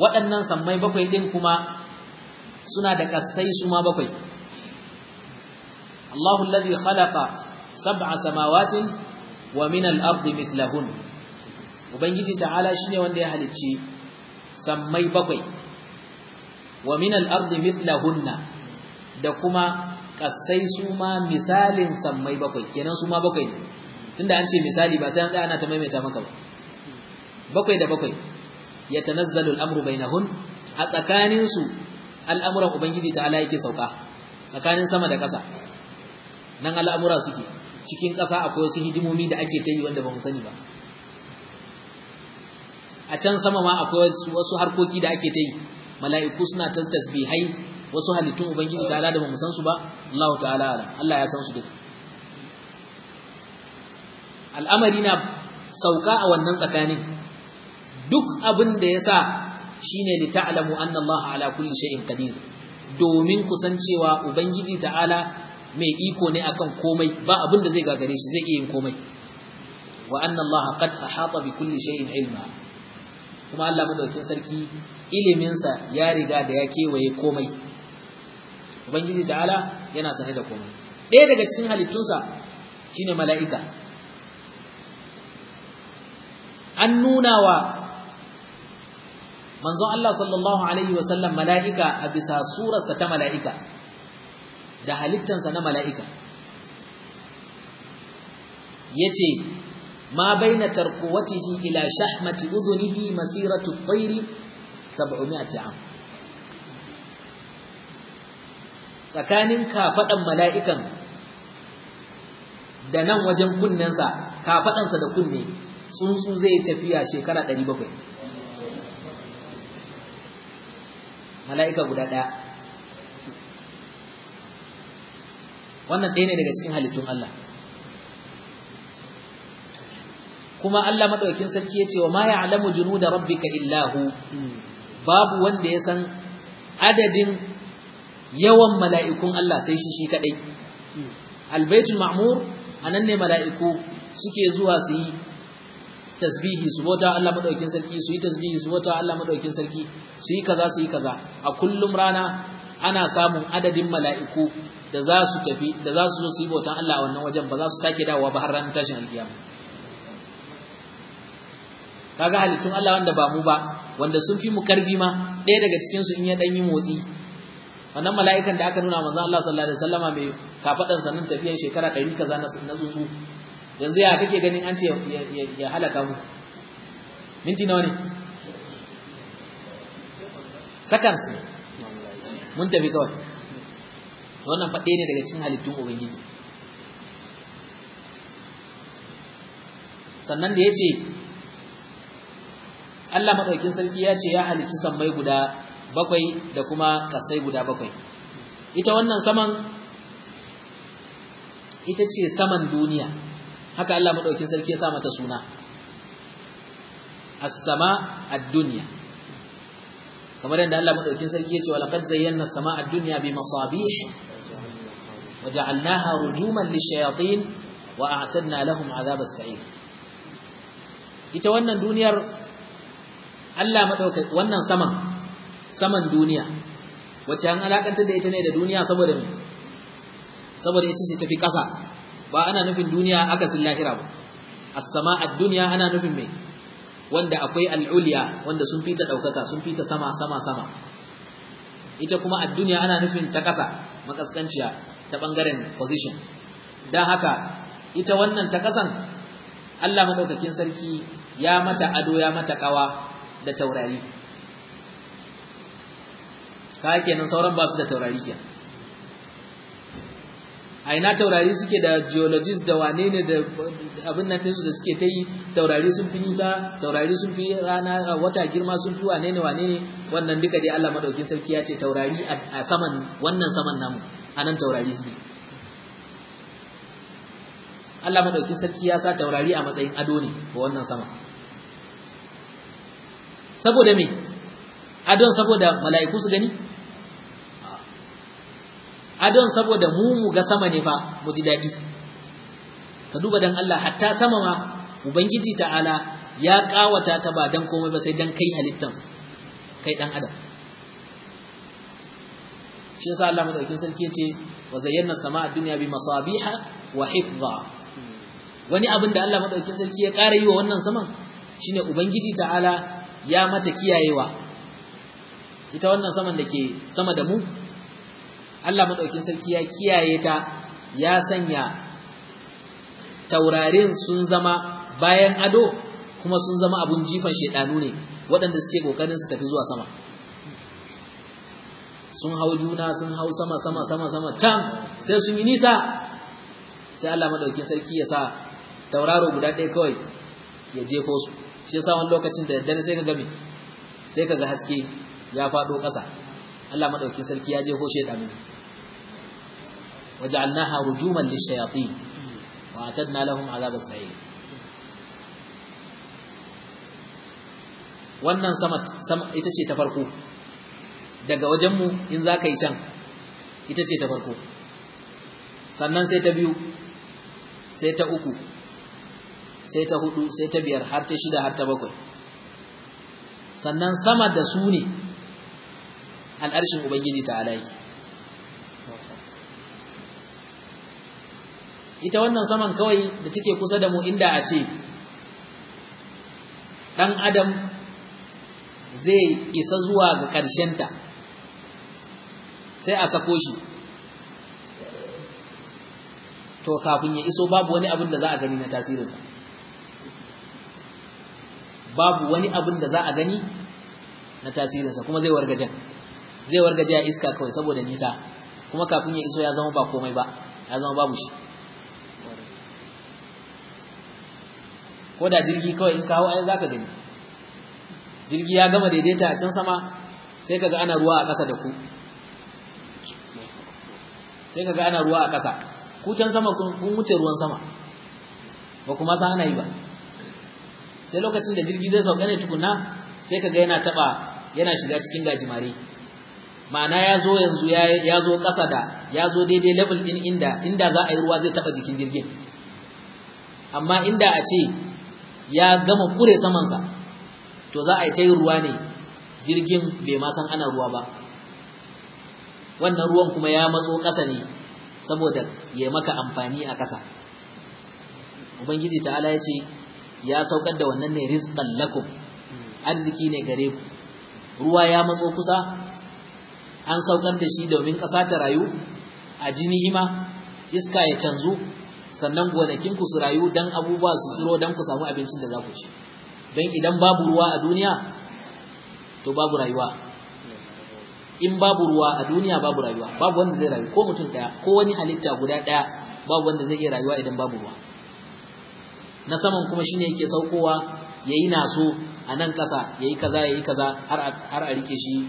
waɗannan sammai bakwai din kuma suna da kasai su ma bakwai Allahu allazi khalaqa sab'a samawatin wa min al-ardi mithlahun ubangiji ta'ala shine wanda ya halicci sammai bakwai wa min al-ardi mithlahunna da kuma kasai su ma misalin sammai bakwai kenan su ma bakwai ne tunda an ce misali ba sai an tsaya ana ta maimaita maka ba bakwai da bakwai ya tanazzalu al-amru bainahun a tsakanin su al'amuran ubangiji ta'ala yake sauka tsakanin sama da ƙasa nan al'amura suke cikin ƙasa akwai wasu hidimomi da ake ta yi wanda ba mu sani ba a can sama ma akwai wasu harkoki da ake ta yi mala'iku suna ta tasbihai wasu halittun ubangiji ta'ala da ba mu san su ba Allah ta'ala Allah ya san su duka al'amari na sauka a wannan tsakanin duk abin da ya sa shine li ta'lamu anna Allah ala kulli shay'in qadir domin kusancewa ubangiji ta'ala mai iko ne akan komai ba abin da zai gagare shi zai iya yin komai wa anna allaha qad ahata bi kulli shay'in ilma kuma Allah madaukin sarki iliminsa ya riga da ya kewaye komai ubangiji ta'ala yana sane da komai ɗaya daga cikin halittunsa shine mala'ika an nuna wa manzon Allah sallallahu alaihi wasallam mala'ika a bisa surarsa ta mala'ika da halittansa na mala'ika yace ma baina tarquwatihi ila shahmati udhunihi masiratu at 700 tsakanin kafadan mala'ikan da nan wajen kunnensa kafaɗansa da kunne tsuntsu zai tafiya shekara 700 mala'ika guda ɗaya. wannan ɗaya ne daga cikin halittun Allah kuma Allah maɗaukin sarki ya ce wa ma ya'lamu da rabbika ka Illahu? babu wanda ya san adadin yawan mala'ikun Allah sai shi shi kadai albaitul ma'mur nan ne mala'iku suke zuwa su yi tasbihi su bauta Allah maɗaukin sarki su yi tasbihi su bauta Allah maɗaukin sarki su yi kaza su yi kaza a kullum rana ana samun adadin mala'iku da za su tafi da za su zo su yi bautan Allah a wannan wajen ba za su sake dawowa ba har ranar tashin alkiyama kaga halittun Allah wanda ba mu ba wanda sun fi mu karfi ma ɗaya daga cikin su in ya dan yi motsi wannan mala'ikan da aka nuna manzo Allah sallallahu alaihi wasallama mai kafadan sanin tafiyan shekara 100 kaza na tsuntsu yanzu ya kake ganin an ce ya halaka mu minti nawa ne seconds mun tafi kawai wannan faɗe ne daga cikin halittun ubangiji sannan da ya ce Allah maɗaukin sarki ya ce ya halicci sammai guda bakwai da kuma kasai guda bakwai ita wannan saman ita ce saman duniya haka Allah maɗaukin sarki ya sa mata suna as-sama a duniya. kamar yadda Allah maɗaukin sarki ya ce wa laqad zayyana as-sama ad-dunya bi masabih وجعلناها رجوما للشياطين واعتدنا لهم عذاب السعير ita wannan duniyar Allah madaukai wannan saman saman duniya wacce an alakantar da ita ne da duniya saboda me saboda ita ce ta fi kasa ba ana nufin duniya akasin lahira ba as-sama ad-dunya ana nufin me wanda akwai al-ulya wanda sun fita daukaka sun fita sama sama sama ita kuma ad-dunya ana nufin ta kasa makaskanciya ta bangaren position don haka ita wannan ta kasan Allah madaukakin sarki ya mata ado ya mata kawa da taurari ka nan sauran ba su da taurari ke a ina taurari suke da geologist da wane ne da abin nan ɗinsu da suke ta yi taurari sun fi nisa taurari sun fi rana wata girma sun fi wane ne wane ne wannan duka dai Allah madaukakin sarki ya ce taurari a saman wannan saman namu a nan taurari ne Allah madaukin sarki ya sa taurari a matsayin ado ne ga wannan sama saboda me adon saboda mala'iku su gani adon saboda mu mu ga sama ne fa mu ji daɗi ka duba dan Allah hatta sama ma ubangiji ta'ala ya ƙawata ta ba dan komai ba sai dan kai halittansa kai ɗan adam shi yasa Allah madaukakin sarki yace wa zayyana sama'a dunya bi masabiha wa hifdha wani abin da Allah madaukakin sarki ya ƙara yi wa wannan saman shine ubangiji ta'ala ya mata kiyayewa ita wannan saman da ke sama da mu Allah madaukakin sarki ya kiyaye ta ya sanya taurarin sun zama bayan ado kuma sun zama abun jifan shedanu ne waɗanda suke kokarin su tafi zuwa sama sun hau juna sun hau sama sama sama sama can sai sun yi nisa sai Allah madaukin sarki ya sa tauraro guda ɗaya kawai ya jefo su shi yasa wani lokacin da daddare sai ka ga sai ka ga haske ya faɗo ƙasa Allah madaukin sarki ya jefo shaytanu waja'alnaha rujuman lishayatin wa atadna lahum azabas sa'i wannan sama ita ce ta farko daga wajenmu in za ka yi can ita ce ta farko sannan sai ta biyu sai ta uku sai ta hudu sai ta biyar har ta shida har ta bakwai sannan sama da su ne al'arshin ubangiji ta alaiki ita wannan saman kawai da take kusa da mu inda a ce ɗan adam zai isa zuwa ga ƙarshenta ta sai a sako shi to kafin ya iso babu wani abin da za a gani na tasirinsa babu wani abin da za a gani na tasirinsa kuma zai wargajen zai wargaje ya iska kawai saboda nisa kuma kafin ya iso ya zama ba komai ba ya zama babu shi ko da jirgi kawai in kawo ai zaka gani jirgi ya gama daidaita a can sama sai kaga ana ruwa a ƙasa da ku sai kaga ana ruwa a ƙasa ku can sama kun wuce ruwan sama ba kuma san ana yi ba sai lokacin da jirgi zai sauka ne tukunna sai kaga yana taba yana shiga cikin gajimare ma'ana ya zo yanzu ya zo ƙasa da ya zo daidai level din inda inda za a yi ruwa zai taba jikin jirgin amma inda a ce ya gama kure samansa to za a yi ta yin ruwa ne jirgin bai ma san ana ruwa ba wannan ruwan kuma ya matso ƙasa ne saboda ya maka amfani a ƙasa ubangiji ta'ala ya ce ya saukar da wannan ne rizqan lakum arziki ne gare ku ruwa ya matso kusa an saukar da shi domin ƙasa ta rayu a jini ima iska ya canzu sannan gonakin ku su rayu dan abubuwa su tsiro dan ku samu abincin da za ku ci don idan babu ruwa a duniya to babu rayuwa in babu ruwa a duniya babu rayuwa babu wanda zai rayu ko mutum daya ko wani halitta guda daya babu wanda zai iya rayuwa idan babu ruwa na saman kuma shine yake saukowa yayi naso a nan kasa yayi kaza yayi kaza har har a rike shi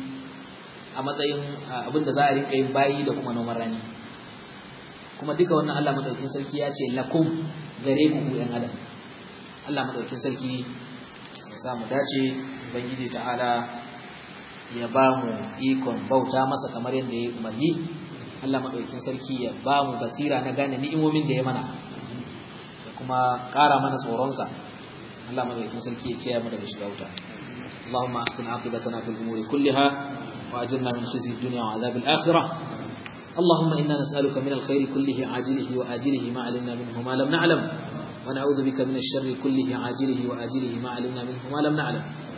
a matsayin abin da za a rinka yin bayi da kuma noman rani kuma duka wannan Allah madaukakin sarki ya ce lakum gare ku ku adam Allah madaukakin sarki ya samu dace ubangiji ta'ala ya ba mu ikon bauta masa kamar yadda ya umarni Allah madaukakin sarki ya ba mu basira na gane ni'imomin da ya mana da kuma ƙara mana tsoronsa Allah madaukakin sarki ya kiyaye mu daga shiga wuta اللهم احسن عاقبتنا في الامور كلها واجرنا من خزي الدنيا وعذاب الاخره اللهم انا نسالك من الخير كله عاجله واجله ما علمنا منه ما لم نعلم ونعوذ بك من الشر كله عاجله واجله ما علمنا منه ما لم نعلم